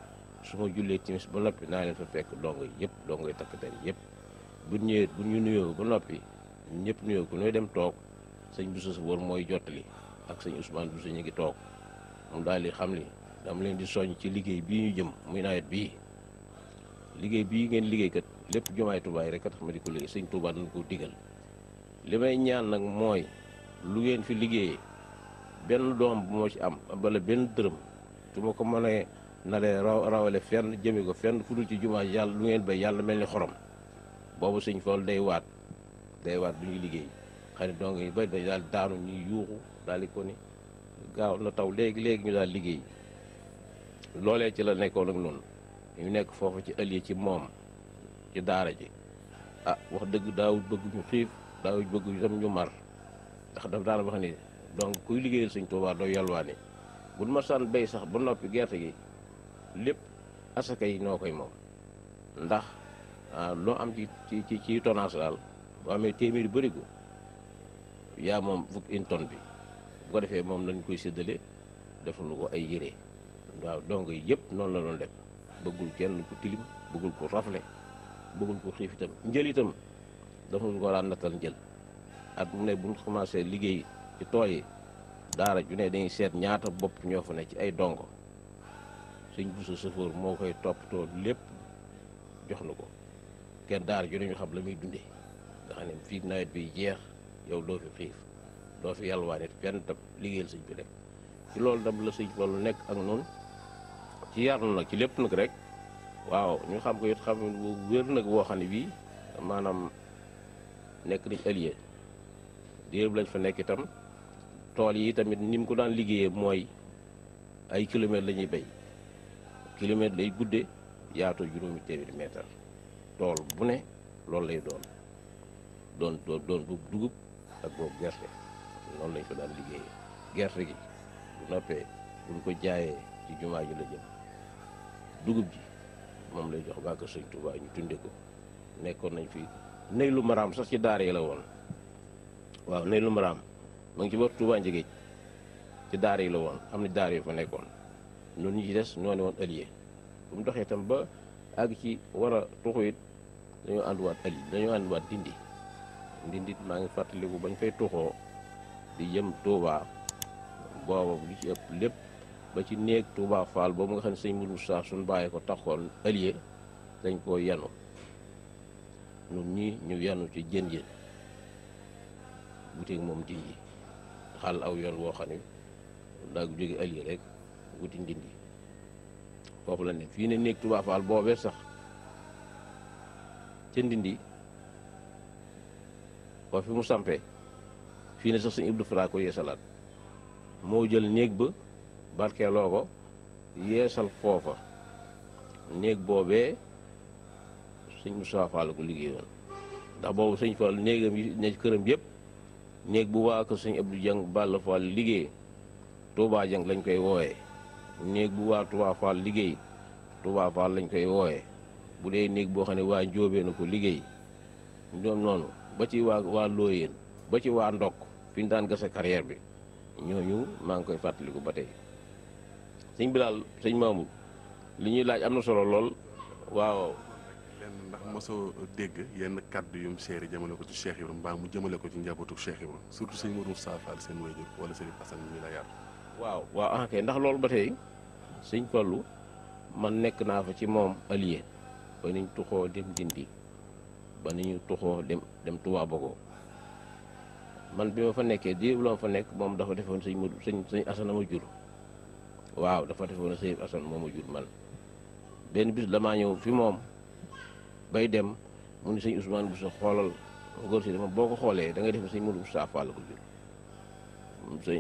[SPEAKER 5] su ma jullee timis ba noppi naa leen fa fekk dongo yi yëpp dongo yi takk der yëpp bu ñëwee bu ñu nuyoo ba noppi ñëpp nuyoo ko nooy dem toog sëñ Bousso Sabor mooy jotli ak sëñ Ousmane Bousso ñu ngi toog moom daal xam li dama leen di soñ ci liggéey bii ñu jëm muy nawet bi liggéey bi ngeen liggéey kat lépp jumaay Touba rek a tax ma di ko liggéey sëñ Touba dañ ko digal li may ñaan nag mooy lu ngeen fi liggéeyee benn doom bu moo ci am bala benn dërëm su ma ko mënee nalee rawale fenn jëme ko fenn fu dul ci jumaa yàlla lu ngeen yàlla mel ni xorom boobu sëñ Fall day waat day waar du ñuy liggéey xëy na dong yi bëri dañ daal daanu ñuy yuuxu daal di ko ni gaaw na taw léegi léegi ñu daal liggéey loolee ci la nekkoon ak noonu ñu nekk foofu ci ëll yi ci moom ci daara ji ah wax dëgg daawul bëgg ñu xiif daawul bëgg itam ñu mar ndax daf daan wax ni donc kuy liggéeyal Sëñ Tuubaa doo yalwaani bu ma saan béy sax ba noppi gerte gi lépp asaka yi noo koy moom ndax ah, loo am ci ci ci tonnage daal boo amee téeméeri bërigo yaa moom fukk une bi bu ko defee moom lañ koy séddale lu ko ay yére waaw donc yëpp noonu la doon def bëggul kenn ku tilim bëggul ko rafle bëggul ko xiif itam njël itam dafa ko daan nattal njël ak mu ne buñ commencé liggéey ci tool yi daara ju ne dañuy seet ñaata bopp ñoo fa ne ci ay dongo suñ busa sëfoor moo koy toppatoo lépp jox na ko kenn daara ju ne ñu xam la muy dunde nga xam ne fii nawet bi jeex yow doo fi xiif doo fi yàlwaan it fenn tam liggéeyal sëñ bi rek ci loolu dam la sëñ loolu nekk ak noonu ci yar nag ci lépp nag rek waaw ñu xam ko it xam bu wér nag woo xam ne bii maanaam nekk nañ allié bi lañ fa nekk itam tool yi tamit ni mu ko daan liggéeyee mooy ay kilomètres lañuy ñuy béy kilomètres lay guddee yaatoo juróomi téeméeri mètre tool bu ne loolu lay doon doon doon bu dugub ak boobu gerte noonu lañ ko daan liggéey gerte gi bu noppee buñ ko jaayee ci jumaa ji la jëm dugub ji moom lay jox bàkk sëñ Touba ñu tunde ko nekkoon nañ fi nay lu maraam sax ci daar yi la woon waaw nay lu maraam ma ngi ci bopp Touba njëgéej ci daara yi la woon am na daara yu fa nekkoon noonu ñu ci des ñoo ne woon allié bu mu doxee itam ba àgg ci war a tuxu it dañoo ànduwaat ali dañoo ànduwaat dindi ndindit maa ngi fàttaliku bañ fay tuxoo di jëm Touba booba li ci ëpp lépp ba ci néeg Touba Fall boobu nga xam ne sëñ Mourou Moussa suñ bàyyi ko taxoon ëllëg dañ koo yenu ñun ñi ñu yenu ci jën yi wuteeg moom dindi xal aw yoon woo xam ne daa ko jóge ëllëg rek wuti ndindi foofu la ne fii ne néeg Touba Fall boobee sax ca ndindi waa fi mu sampee fii ne sax suñu Ibdou Fra ko yeesalaat moo jël néeg ba barkeeloo ko yeesal foofa néeg boobee sëñ Moussa Fall ko liggéeyoon ndax boobu sëñ Fall néegam yi këram yëpp néeg bu waa ko sëñ Abdou Dieng Balla Fall liggéey Touba Dieng lañ koy wooyee néeg bu waa Touba Fall liggéey Touba Fall lañ koy wooyee bu dee néeg boo xam ne waa Njóobee na ko liggéey ñoom noonu ba ci waa waa looyeen ba ci waa ndokk fi ñu daan gase carrière bi ñooñu maa ngi koy fàttaliku ba tey sëñ bi daal sëñ maamu li ñuy laaj am na solo lool waaw.
[SPEAKER 3] lenn ndax soo dégg yenn kàddu yum seeri jëmale ko ci Cheikh Ibrahima mbaa mu jëmale ko ci njabootu Cheikh
[SPEAKER 5] Ibrahima surtout sëñ Mourou Safal seen wayjur wala sëñ Assane mi la yar. waaw waaw ah, ok ndax loolu ba tey sëñ Fallou man nekk naa fa ci moom allié ba niñ tuxoo dem dindi. ba ni ñu tuxoo dem dem Touba Bogo man bi ma fa nekkee di bu ma fa nekk moom dafa defoon sëñ Modou sëñ sëñ Assane ma jur waaw dafa defoon sëñ Assane moom ma jur man benn bis damaa ñëw fi moom bay dem mu ni sëñ Ousmane Bousso xoolal góor si dama boo ko xoolee da ngay def sëñ Modou Moustapha Fall jur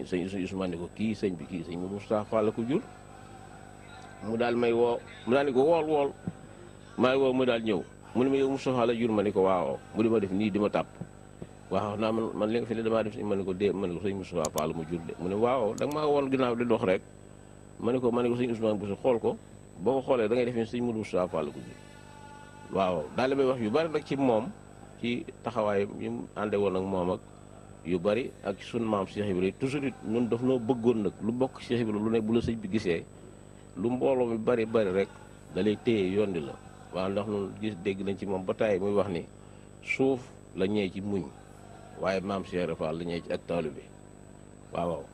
[SPEAKER 5] sëñ sëñ Ousmane ni ko kii sëñ bi kii sëñ Modou Moustapha Fall ko jur mu daal may woo mu daal ni ko wool wool may woo mu daal ñëw mu ne ma yow Moustapha la jur ma ne ko waaw mu di ma def nii di ma tàpp waaw naa man man li fi ne damaa def nii ma ne ko dee ma ne ko mu Moustapha Fall mu jur de mu ne waaw da nga maa woon ginnaaw di dox rek ma ne ko ma ne ko sëñ bu Bousso xool ko boo ko xoolee da defee def ni sëñ Moudou Moustapha ko jur waaw daal may wax yu bari nag ci moom ci taxawaay yi mu woon ak moom ak yu bari ak sun maam Cheikh Ibrahima toujours it ñun daf noo bëggoon nag lu bokk Cheikh Ibrahima lu ne bu sëñ bi gisee lu mbooloo mi bari bari rek da lay téye yondi la waaw ndax noonu gis dégg nañ ci moom ba tàyyi muy wax ni suuf la ñee ci muñ waaye maam Cheikh Fall la ñee ci ak taalu bi waaw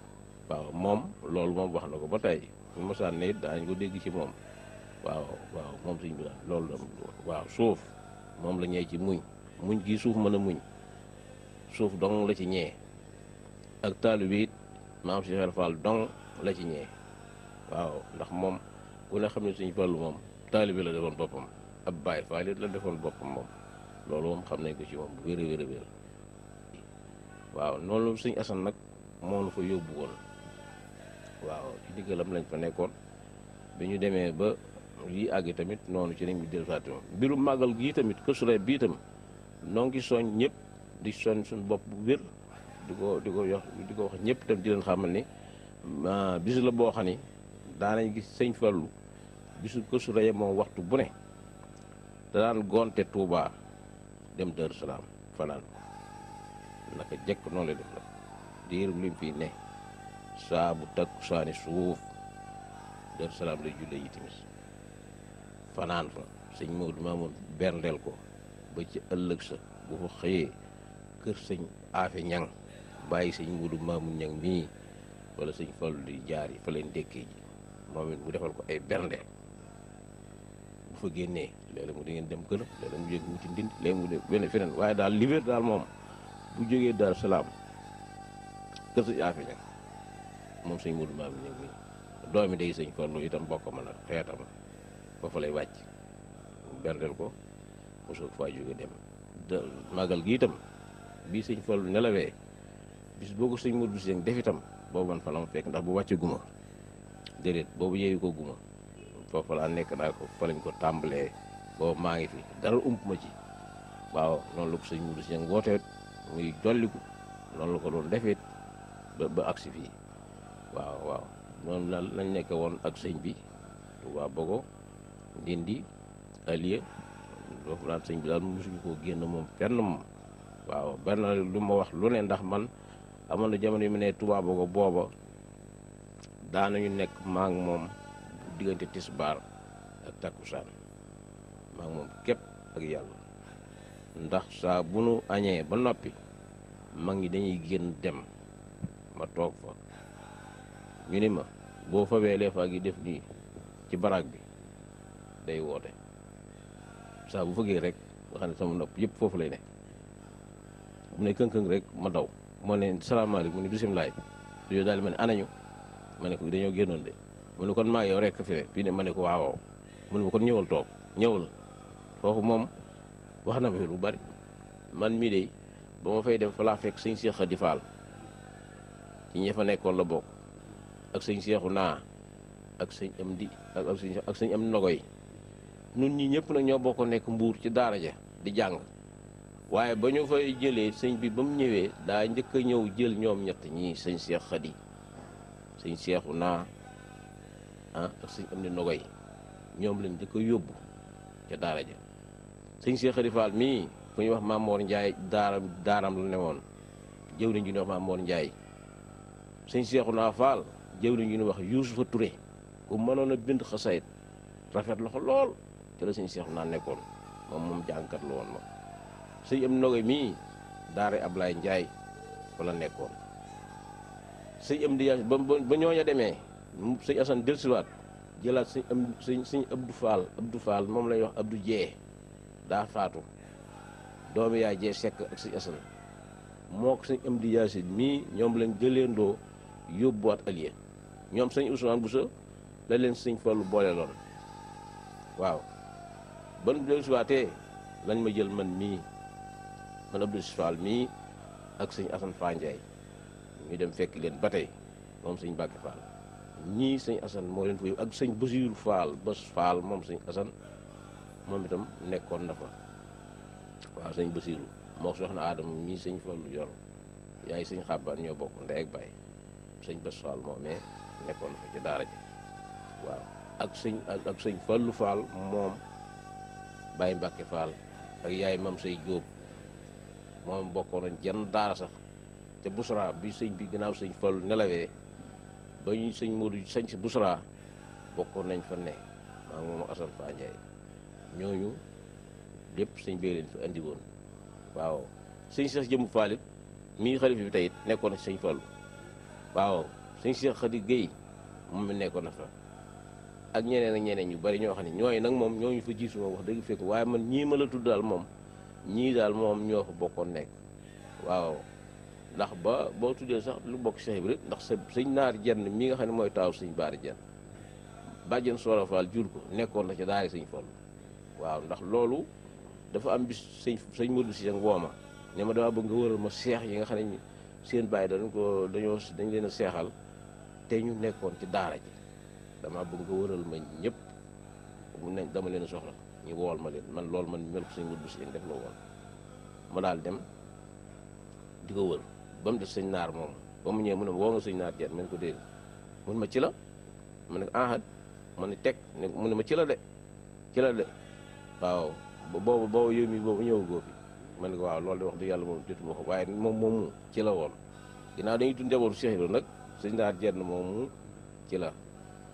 [SPEAKER 5] waaw moom loolu moom wax na ko ba tàyyi mu mosaan ne it daañu ko dégg ci moom waaw moom suñ bi la suuf moom la ñee ci muñ muñ gi suuf mën muñ suuf dong la ci ñee ak taalu bi it maam Cheikh ci ñee waaw ndax moom ku ne xam ne suñu Fallu moom taalibe la defoon boppam ab baay faalit la defoon boppam moom loolu moom xam nañ ko ci moom wér a wér wér waaw noonu suñ asan nag moo nu fa yóbbu woon waaw ci diggalam lañ fa nekkoon bi ñu demee ba yi àgg tamit noonu ci lañ bi del saati moom mbirum màggal gii tamit kësule bii tam noo ngi soñ ñëpp di soñ suñ bopp bu wér di ko di ko yox di ko wax ñépp tam di leen xamal ni bis la boo xam ni daanañ gis sëñ Fallu bisu kësule moom waxtu bu ne da daan gonte Touba dem Darou Salaam fanaan naka jekk noonu la def nag diirum lim fii ne saa bu takku saani suuf Darou Salaam lay jullee fanaan fa sëñ Maodo Mamoun ko ba ci ëllëg sa bu fa xëyee kër sëñ aafe ñaŋ bàyyi sëñ Maodo Mamoun ñang mii wala sëñ Fallu di jaar yi fa moom it mu defal ko ay berndeel fa génnee léeg mu da dem këram léeg mu jóge wuti ndindi léeg mu benn feneen waaye daal liber daal moom bu jógee daal Salaam kër sëñ Afi ña moom sëñ Modou Maam ñu ngi doomi day sëñ Fallu itam bokk ma nag xeetam foofu lay wàcc berndeel ko mu soog faa jóge dem màggal gi itam bii sëñ Fallu nelawee bis boo ko sëñ bu Seen def itam boobu man fa la ma fekk ndax bu wàcce guma déedéet boobu yeewi ko guma foofu laa nekk naa ko fa lañ ko tàmbalee boobu maa ngi fi dara ump ma ci waaw noonu la ko sëñ Modou Sy wootee muy dolliku noonu la ko doon defeet ba ba agsi fii waaw waaw noonu la lañ nekk woon ak sëñ bi Touba Bogo Ndindi Alieu foofu daal sëñ bi daal mosuñu koo génn moom fenn moom waaw benn lu ma wax lu ne ndax man ama na jamono yu mu ne Touba Bogo booba daanañu nekk maa moom diggante tisbaar ak takkusaan maa ngi moom képp ak yàlla ndax saa bu nu añee ba noppi mag ñi dañuy génn dem ma toog fa ñu ni ma boo fawee leefaag yi def nii ci baraag bi day woote saa bu fëggee rek nga xam ne sama nopp yëpp foofu lay ne mu ne këng rek ma daw moo ne salaamaaleykum mu ne bisimilaay dañoo daal di ma ne anañu ma ne ko dañoo génnoon de mu ne kon maa yow rek fi ne fii ne ma ne ko waawaaw mu ne kon ñëwal toog ñëwal foofu moom wax na ma fi lu bari man mii de ba ma fay dem falaa laa fekk sëñ Cheikh Khady Fall ci ñi fa nekkoon la bokk ak sëñ Cheikhu naa ak sëñ am sëñ am nogoy nu ñi ñëpp nag ñoo bokk nekk mbuur ci daara ja di jàng waaye ba ñu fay jëlee sëñ bi ba mu ñëwee daa njëkk a ñëw jël ñoom ñett ñii sëñ Cheikh Khady sëñ Cheikhu naa ah ak sëñ am di nogoy ñoom lañ dëkk ko yóbbu ca daara ja sëñ Cheikh Khady Fall mii ku ñuy wax Mamor Ndiaye daaram daaram la ne woon jëw nañ ju ñuy wax Mamor Ndiaye sëñ Cheikhouna Fall jëw nañ ju ñuy wax Youssoufa Touré ku mënoon a bind xasayit rafet loxo lool te la sëñ Cheikhouna nekkoon moom moom jàngkat la woon moom sëñ am nogoy mii daara Ablaye Ndiaye fa la nekkoon sëñ am di ba ba ñooña demee sëñ Assane dellusiwaat jëlaat sëñ am sëñ sëñ Abdou Fall Abdou Fall moom lay wax Abdou Jee daa faatu doomu yaay Jee Seck ak sëñ Assane moo ko sëñ am di yaasin mii ñoom lañ jëleendoo yóbbuwaat Aliya ñoom sëñ Ousmane Bousso la leen sëñ Fallu boole lool waaw ban dellusiwaatee lañ ma jël man mii man Abdou Fall mii ak sëñ Assane Fandiaye ñu dem fekk leen ba tey moom sëñ Bàkke Fall ñii sëñ Assane moo leen fa yóbbu ak sëñ Basiiru Faal Bas Faal moom sëñ Assane moom itam nekkoon na fa waaw sëñ Basiiru moo soxna Adama ñii sëñ Fallu yor yaay sëñ Xàbbaan ñoo bokk ndey ak baay sëñ Bas Faal moomee nekkoon na fa ci daara ji waaw ak sëñ ak sëñ Fallu Faal moom Baye Mbàkke Faal ak yaay mam say Jóob moom bokkoon nañ jenn daara sax te Busra bi sëñ bi gannaaw sëñ Fallu nelawee ba ñu sëñ Modou sañ si Bousra bokkoon nañ fa ne maa ngi moom ak Assane Fa ñooñu lépp sëñ bee leen fi waaw sëñ Cheikh Jëmb Fall mii xalif bi tey nekkoon na sëñ Fallu waaw sëñ Cheikh Khady Guèye moom mi nekkoon na fa ak ñeneen ak ñeneen ñu bari ñoo xam ne ñooy nag moom ñooñu fa jiitu ma wax dëgg fekk waaye man ñii ma la tudd daal moom ñii daal moom ñoo fa bokkoon nekk waaw ndax ba boo tuddee sax lu bokk Cheikh Ibra ndax sa sëñ naar jenn mi nga xam ne mooy taaw sëñ baar jenn bàjjen Soora Faal jur ko nekkoon la ca daari sëñ Fall waaw ndax loolu dafa am bis sëñ sëñ si ak wooma ne ma dama bëgg nga ma seex yi nga xam ne seen bàyyi dañ ko dañoo dañ leen a seexal te ñu nekkoon ci daara ji dama bëgg nga wëral ma ñépp mu ne dama leen soxla ñu wool ma leen man loolu man mel ko sëñ Modou si def la woon ma daal dem di ko wër ba mu def sëñ naar moom ba mu ñëwee mu ne woo nga sëñ naar jeet ko déedéet mun ma ci la ma ne ah, ma ne teg mu ne ma ci la de ci la de waaw boobu boobu yow mi boobu ñëw góob man ne ko waaw loolu de wax du yàlla moom jotuma ko waaye moom moomu ci la woon ginnaaw dañuy dundee woon Cheikh Ibra nag sëñ naar jeet moomu ci la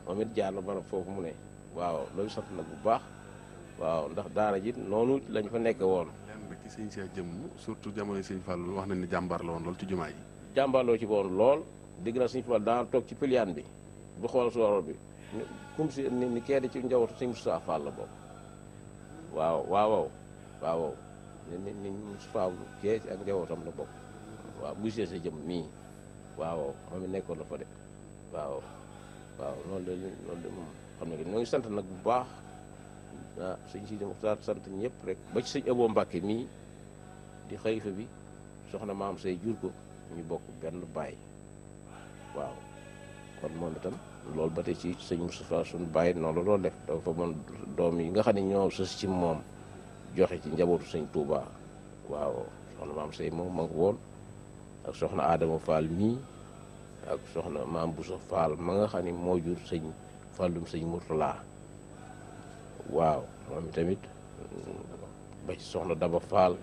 [SPEAKER 5] moom it jaar na foofu mu ne waaw loolu sant nag bu baax waaw ndax daara ji noonu lañu fa nekk woon sëñ Cheikh jëmm surtout jamono sëñ Fallou wax nañ ni jàmbaar la woon lool ci jumaa ci woon lool dégg naa sëñ Fallou daan toog ci piliyaan bi du xool sooroor bi comme si ni kee di ci njabootu sëñ Moussa Fall waaw waaw waaw ni ni Moussa kee ak njabootam la bokk bu see sa jëm mii waaw moom it nekkoon fa de waaw waaw loolu de loolu de moom xam nga ñoo sant nag bu baax. waaw sëñ si dem sant ñëpp rek ba ci sëñ Abo Mbàkke mii di xalifa bi soxna maam say jur ko ñu bokk benn baay waaw kon moom itam loolu ba tey ci sëñ Moustapha suñu bàyyi noonu la doon def dafa mën doom yi nga xam ne ñoo sës ci moom joxe ci njabootu sëñ Touba waaw soxna maam say moom ma ak soxna Adama Fall mii ak soxna maam Boussa Fall ma nga xam ne moo jur sëñ Fallum sëñ Mourtala waaw moom tamit mm, ba ci soxna Daba Fall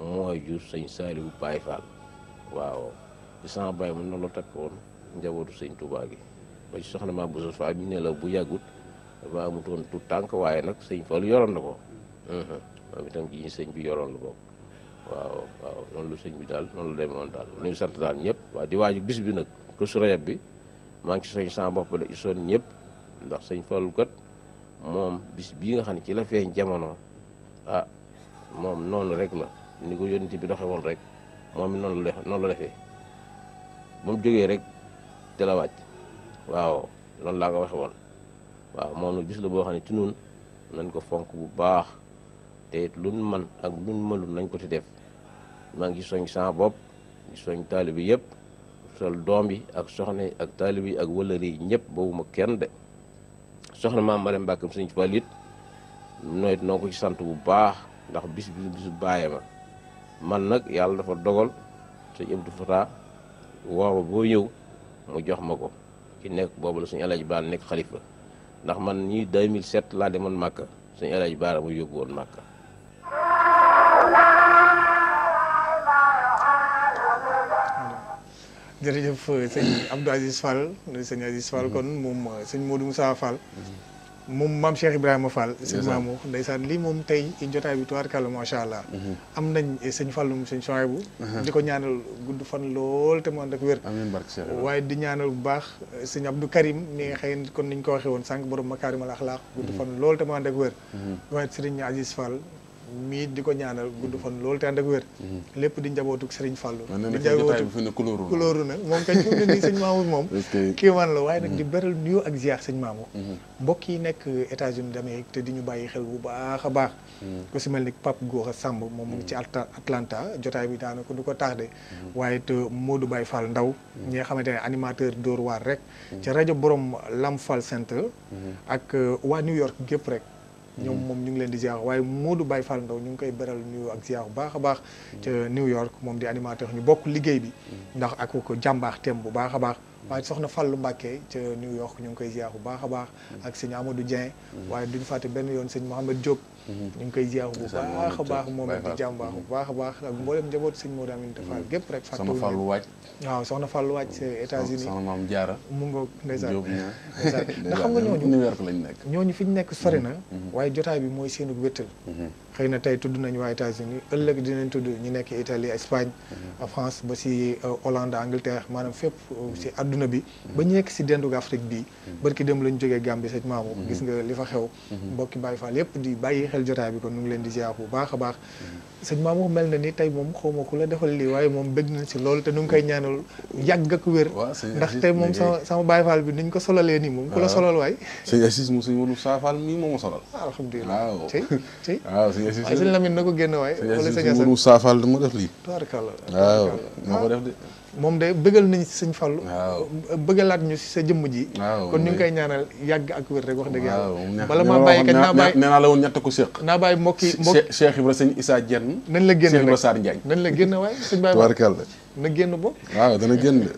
[SPEAKER 5] mooy jur sëñ Saaliwu Baay Faal waaw di sama baay mën na la takk woon njabootu sëñ Tuubaa gi ba ci soxna ma Bousso Fall mi ne la bu yàggut dafa amutoon tout tànk waaye nag sëñ Fall yoroon na ko moom sëñ bi yoroon la ko waaw waaw noonu lu sëñ bu daal noonu la demee daal nuyu sant daal ñëpp waaw di waaju bis bi nag ko su rajab bi maa ngi ci soñ sama bopp la isoon ñëpp ndax sëñ Fallu kat moom bis bii nga xam ne ci la jamono ah moom noonu rek ni ko ti bi doxe woon rek moom it noonu la noonu moom jógee rek te la wàcc waaw loolu laa ko waxe woon waaw moom nag gis la boo xam ne ci nun nañ ko fonk bu baax te it luñ man ak luñ mënul nañ ko ci def maa ngi soñ sama bopp di soñ taalib yi yëpp sol doom bi ak soxna yi ak taalib yi ak wëllëri ñëpp boobu ma kenn de soxna maam Marème Mbàkke sëñ Fall it nooy ko ci sant bu baax ndax bis bi bisu bàyyee ma man nag yàlla dafa dogal sëñ Abdou Fatah woo ma boo yëw mu jox ma ko ci nekk boobu la suñu Alaaji Baara nekk xalifa ndax man ñii 2007 laa demoon màkk suñu Alaaji Baara mu yóbbu woon Màkka
[SPEAKER 2] jërëjëf sëñ Abdou Aziz Fall sëñ Aziz Fall kon moom moo Modou Moussa Fall moom maam Cheikh Ibrahima Fall. sëñ Maamu saan lii moom tey jotaay bi tuwaar kàlla macha allah. Mhm. am nañ eh, sëñ Fallum sëñ bu mhm. di ko ñaanal gudd fan lool te mu ànd ak wér. amiin barke waaye di ñaanal bu baax eh, sëñ Abdou Karim ni nga xëy kon ni ñu ko waxee woon sànq borom makaarimal axlaaq mhm. gudd fan lool te mu ànd ak wér. waaye sëriñ Aziz Fall. mii di ko ñaanal gudd fan loolu te ànd ak wér mhm. lépp di njabootu Serigne Fallou di njabootu kulóoru na moom kañ fu mu ne nii sëñ Mamour moom <laughs> kii man la waaye nag di mhm. beral nuyoo ak ziar sëñ Mamour mhm. mbokk yi nekk États-Unis d'Amérique te di ñu bàyyi xel bu baax a baax ko si mel ni Pape Gora Samb moom mu ngi ci Atlanta jotaay bi daanaka du ko tardé waaye te euh, du bàyyi Fall Ndaw ñi nga xamante ne animateur Dóor waar rek ci rajo borom Lam Fall Center ak euh, waa New York gépp rek ñoom moom ñu ngi leen di ziar waaye Modou Baye Fall Ndaw ñu ngi koy beral nuyu ak ziar bu baax a baax ca New York moom di animateur ñu bokk liggéey bi ndax ak ko jàmbaax tem bu baax a baax waaye soxna Fallou Mbacke ca New York ñu ngi koy ziar bu baax a baax ak sëñ Amadou Dieng mm. waaye duñ fàtte benn yoon sëñ Mohamed Diop Mhm. ñu ngi koy ziar bu baax baax moom it di jàmbaar bu baax a baax ak mboolem njaboot sëñ Modou Aminta Fall mhm. gépp rek fàttewuñu soxna Fallou Waaj waaw soxna Fallou Waaj mhm. c'est États-Unis soxna maam Jaara mu ngoog ndeysaan <laughs> ndax xam nga ñooñu New York lañ nekk ñooñu fi ñu nekk sori na waaye jotaay bi mooy seenu wéttal xëy na tey tudd nañu waa États-Unis ëllëg dinañ tudd ñu nekk Italie Espagne France ba si euh, Hollande Angleterre maanaam fépp euh, si àdduna bi ba ñu nekk si dendug Afrique bii barki dem la ñu jógee Gambie sëñ Maamu gis nga li fa xew mbokki Baye Fall yépp di bàyyi xel jotaay bi kon ñu ngi leen di ziar bu baax a baax sëñ Mamour mel na ni tey moom xaw ma ku la defal lii waaye moom bëgg nañ si loolu te nu ngi koy ñaanal yàgg ak wér ndax tey moom sama sama Baye Fall bi niñ ko solalee nii moom ku la solal
[SPEAKER 3] waay sëñ Assis moom sëñ Modou Safal a moo ma solal ah, alhamdulilah waaw tey tey waaw sëñ Assis waaye sëñ
[SPEAKER 2] na ko génn waay wala sëñ Assis Modou Safal dama moo ko
[SPEAKER 3] ah.
[SPEAKER 2] def de moom de bëggal nañ si fal Fallou bëggalaat ñu si sa jëmm ji kon ñu ngi koy ñaanal yàgg ak wér rek wax dëgg yàlla bala maa bàyyi kat naa bàyyi nee
[SPEAKER 3] naa la woon ñett ko séq naa bàyyi
[SPEAKER 2] mbokki mbokki Cheikh Ibra sëñ
[SPEAKER 3] Issa Dieng nañ la génn rek saar Ibra Sarr Ndiagne
[SPEAKER 2] nañ la génn waaye sëñ Baye Tubaarkàlla na génn bokk
[SPEAKER 3] waaw dana génn <laughs>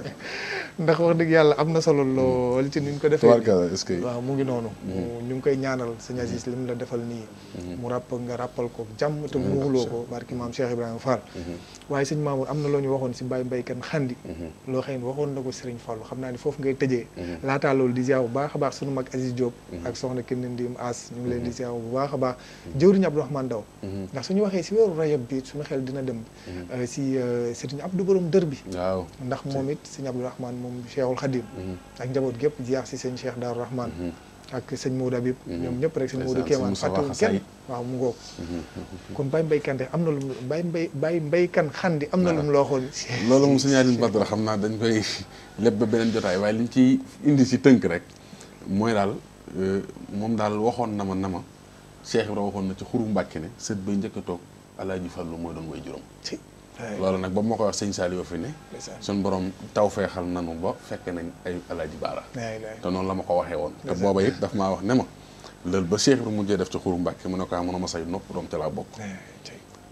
[SPEAKER 2] ndax wax dëgg yàlla am na solo lool ci ni ñu ko defee. est waaw mu ngi noonu. Mm-hmm. ñu ngi koy ñaanal sëñ Aziz mm-hmm. lim la defal nii. Mm-hmm. mu ràpp nga ràppal ko jàmm te mu wuloo ko barki maam Cheikh Ibrahima Fall. waaye sëñ Mamour am na loo ñu waxoon si Baye Mbaye Kane Xandi. loo xëy na waxoon na ko Serigne Fallou xam naa ni foofu ngay tëjee. laataa loolu di ziar bu baa a baax sunu mag Aziz Diop. ak soxna Kiné Ndim As ñu ngi leen di ziar bu baax a baax. jëwriñ Abdourahmane Daw. ndax suñu waxee si weeru rajab bi suñu xel dina dem. Euh, si euh, Serigne Abdou Borom dër bi. waaw ndax moom it Serigne Abdourahmane moom Cheikhul Khadim mhm. ak njaboot gépp jaar si sëñ Cheikh Daaru Rahman mhm. ak sëñ Maodo Habib mhm. ñoom ñëpp rek sëñ Maodo Kéemaan fàttewu kenn waaw mu ngoog kon Baye Mbaye Kande am na lu Baye Mbaye Baye Mbaye Kane Khandi am na lu mu loo xool
[SPEAKER 3] loolu moom sëñ xam naa dañ koy <laughs> lépp ba beneen jotaay waaye liñ ci indi si tënk rek mooy daal euh, moom daal waxoon na ma na ma Cheikh Ibrahima waxoon na ci xuru Mbàkke ne set bay njëkk toog Alaaji Fallu mooy doon way juróom loolu nag ba ma ko wax sëñ Saliou fi ne suñ borom taw feexal nanu ba fekkee nañ ay alaaji baala te noonu la ma ko waxee woon te booba it daf maa wax ne ma lël ba Cheikh bi mujjee def ci xuru Mbàkke mu ne ko ah, mën a ma say nopp doom ca laa bokk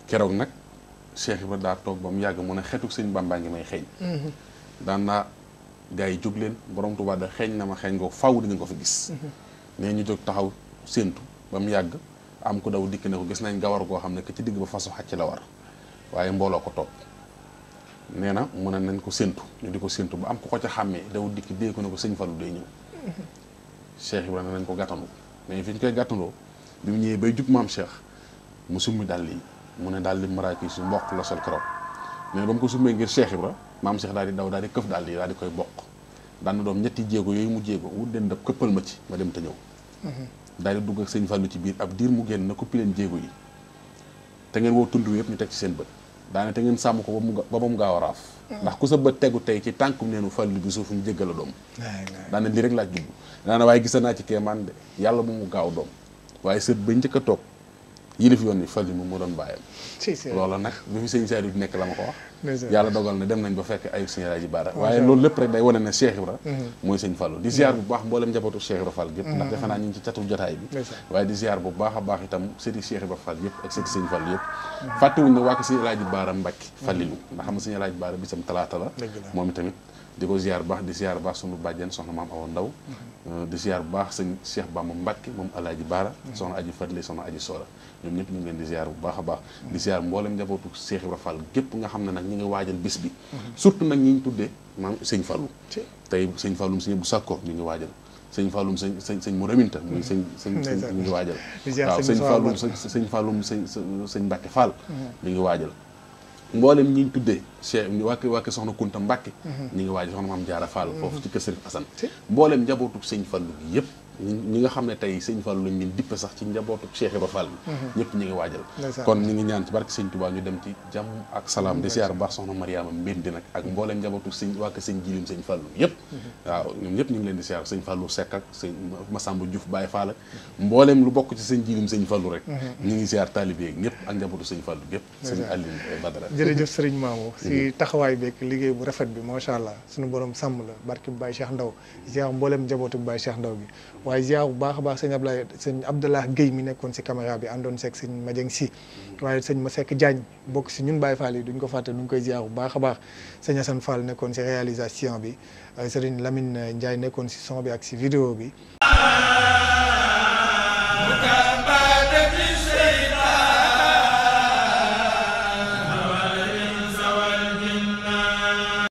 [SPEAKER 3] keroog nag Cheikh Ibra daa toog ba mu yàgg mu ne xetuk sëñ Bàmbaa ngi may xeeñ mm-hmm. daan naa gars yi jóg leen borom Tuubaa da xeeñ na ma xeeñ ko faw dinañ ko fi gis mm-hmm. nee ñu jóg taxaw séentu ba mu yàgg am ko daw dikk ne ko gis nañ gawar goo xam ne que ci digg ba façon xacc la war waaye mbooloo ko topp nee na mu ne nañ ko séntu ñu di ko séntu ba am ko ko ca xàmmee daw dikk dee ko ne ko sëñ Fallou day ñëw Cheikh ne nañ ko gàttandu mais fi ñu koy gàttandoo bi mu ñëwee bay jub maam mu summi dàll yi mu ne dàll maraaki su mboq la sol keroog mais ba mu ko summee ngir Cheikh Ibra maam Cheikh daal di daw daal di këf dàll yi daal di koy boq daan doom ñetti jéego yooyu mu jéego wut dem daf këppal ma ci ma dem te ñëw daal di dugg ak sëñ Fallou ci biir ab diir mu génn na ko pi leen jéego yi te ngeen woo tund wi yëpp ñu teg ci seen bët daane te ngeen sàmm ko ba mu gaaw a raaf ndax ku sa bët tegu tey ci tànkum neenu fàllu bi suuf ñu jéggal a doom daane lii rek laa judd daane waaye gisa naa ci kéemaan de yàlla bu mu gaaw doom waaye sët ba njëkk a toog yilif yoon wi Faliilu moo doon bàyyam loola nag bi fi sëñ Saaliw nekk la ma ko wax yàlla dogal na dem nañ ba fekk ayub sëñ Alaaji Baara waaye loolu lépp rek day wane ne Cheikh Ibra mhm. mooy sëñ bu baax mboolem njabootu Cheikh Ibra Fall yëpp mhm. ndax defe naa ñu ngi ci catu jotaay bi a baax itam sëti Cheikh Ibra Fall yëpp ak sëti sëñ Fallu yëpp mhm. fàttewuñ na waa ko sëñ Alaaji Baara Mbàkke Faliilu ndax xam nga sëñ Alaaji Baara bisam di ko ziar baax di ziar baax sunu bàjjen soxna maam awa ndaw euh, di ziar bu baax sëñ Cheikh Bamba Mbàkke moom Alaaji Baara soxna aji Fadli soxna aji Soora ñoom ñëpp ñu ngi leen bu baax a baax di ziar mboolem njabootu Cheikh Ibra Fall gépp nga xam ne nag ñu ngi waajal bis bi nag ñi ñu tuddee maam sëñ Fallou tey sëñ Fallou sëñ bu sàkko ñu ngi waajal sëñ Fallum sëñ sëñ sëñ Mourou Aminta muy sëñ sëñ ñu ngi waajal waaw sëñ Fallum sëñ Fallum sëñ sëñ Mbacke Fall mm-hmm. ñu ngi waajal mboolem ñi ñu tuddee Cheikh wàkk wàkk soxna Kunta Mbacke mm-hmm. ñu ngi waajal soxna Maam Jaara Fall foofu mm-hmm. ci kër Serigne Assane njabootu sëñ Fallou yëpp ñi nga xam ne tey sëñ Fall lañ leen sax ci njabootu Cheikh Ibrahima Fall bi mhm. ñu ngi waajal kon ñu ngi ñaan ci barke sëñ Touba ñu dem ci jàmm ak salaam di siyaar baax soxna Mariama Mbindi nag ak mbooleem njabootu sëñ waa kër sëñ Jilim sëñ Fallu yëpp mhm. waaw ñoom ñëpp ñu ngi leen di siyaar sëñ Fallu Seck ak sëñ Massamba Diouf Baye Fall ak mbooleem lu bokk ci sëñ Jilim sëñ Fallu rek mhm. ñu ngi siyaar taalibe yeeg ñëpp ak njabootu sëñ Fallu yëpp sëñ eh, jërëjëf sëriñ
[SPEAKER 2] Maamo <laughs> si taxawaay beeg liggéey bu rafet bi macha allah suñu borom sàmm la barke bu Baye Cheikh Ndaw siyaar mbooleem njabootu Baye Cheikh Ndaw bi waaye ziar bu baax a baax sëñ Ablaye sëñ Abdallah Guèye mi nekkoon si caméra bi àndoon seeg sëñ Madieng si mm-hmm. waaye sëñ sekk Diagne bokk si ñun baay Fall yi duñ ko fàtte ñu ngi koy ziar bu baax a baax sëñ Assane Fall nekkoon si réalisation bi sëriñ lamin Ndiaye nekkoon si son bi ak si vidéo bi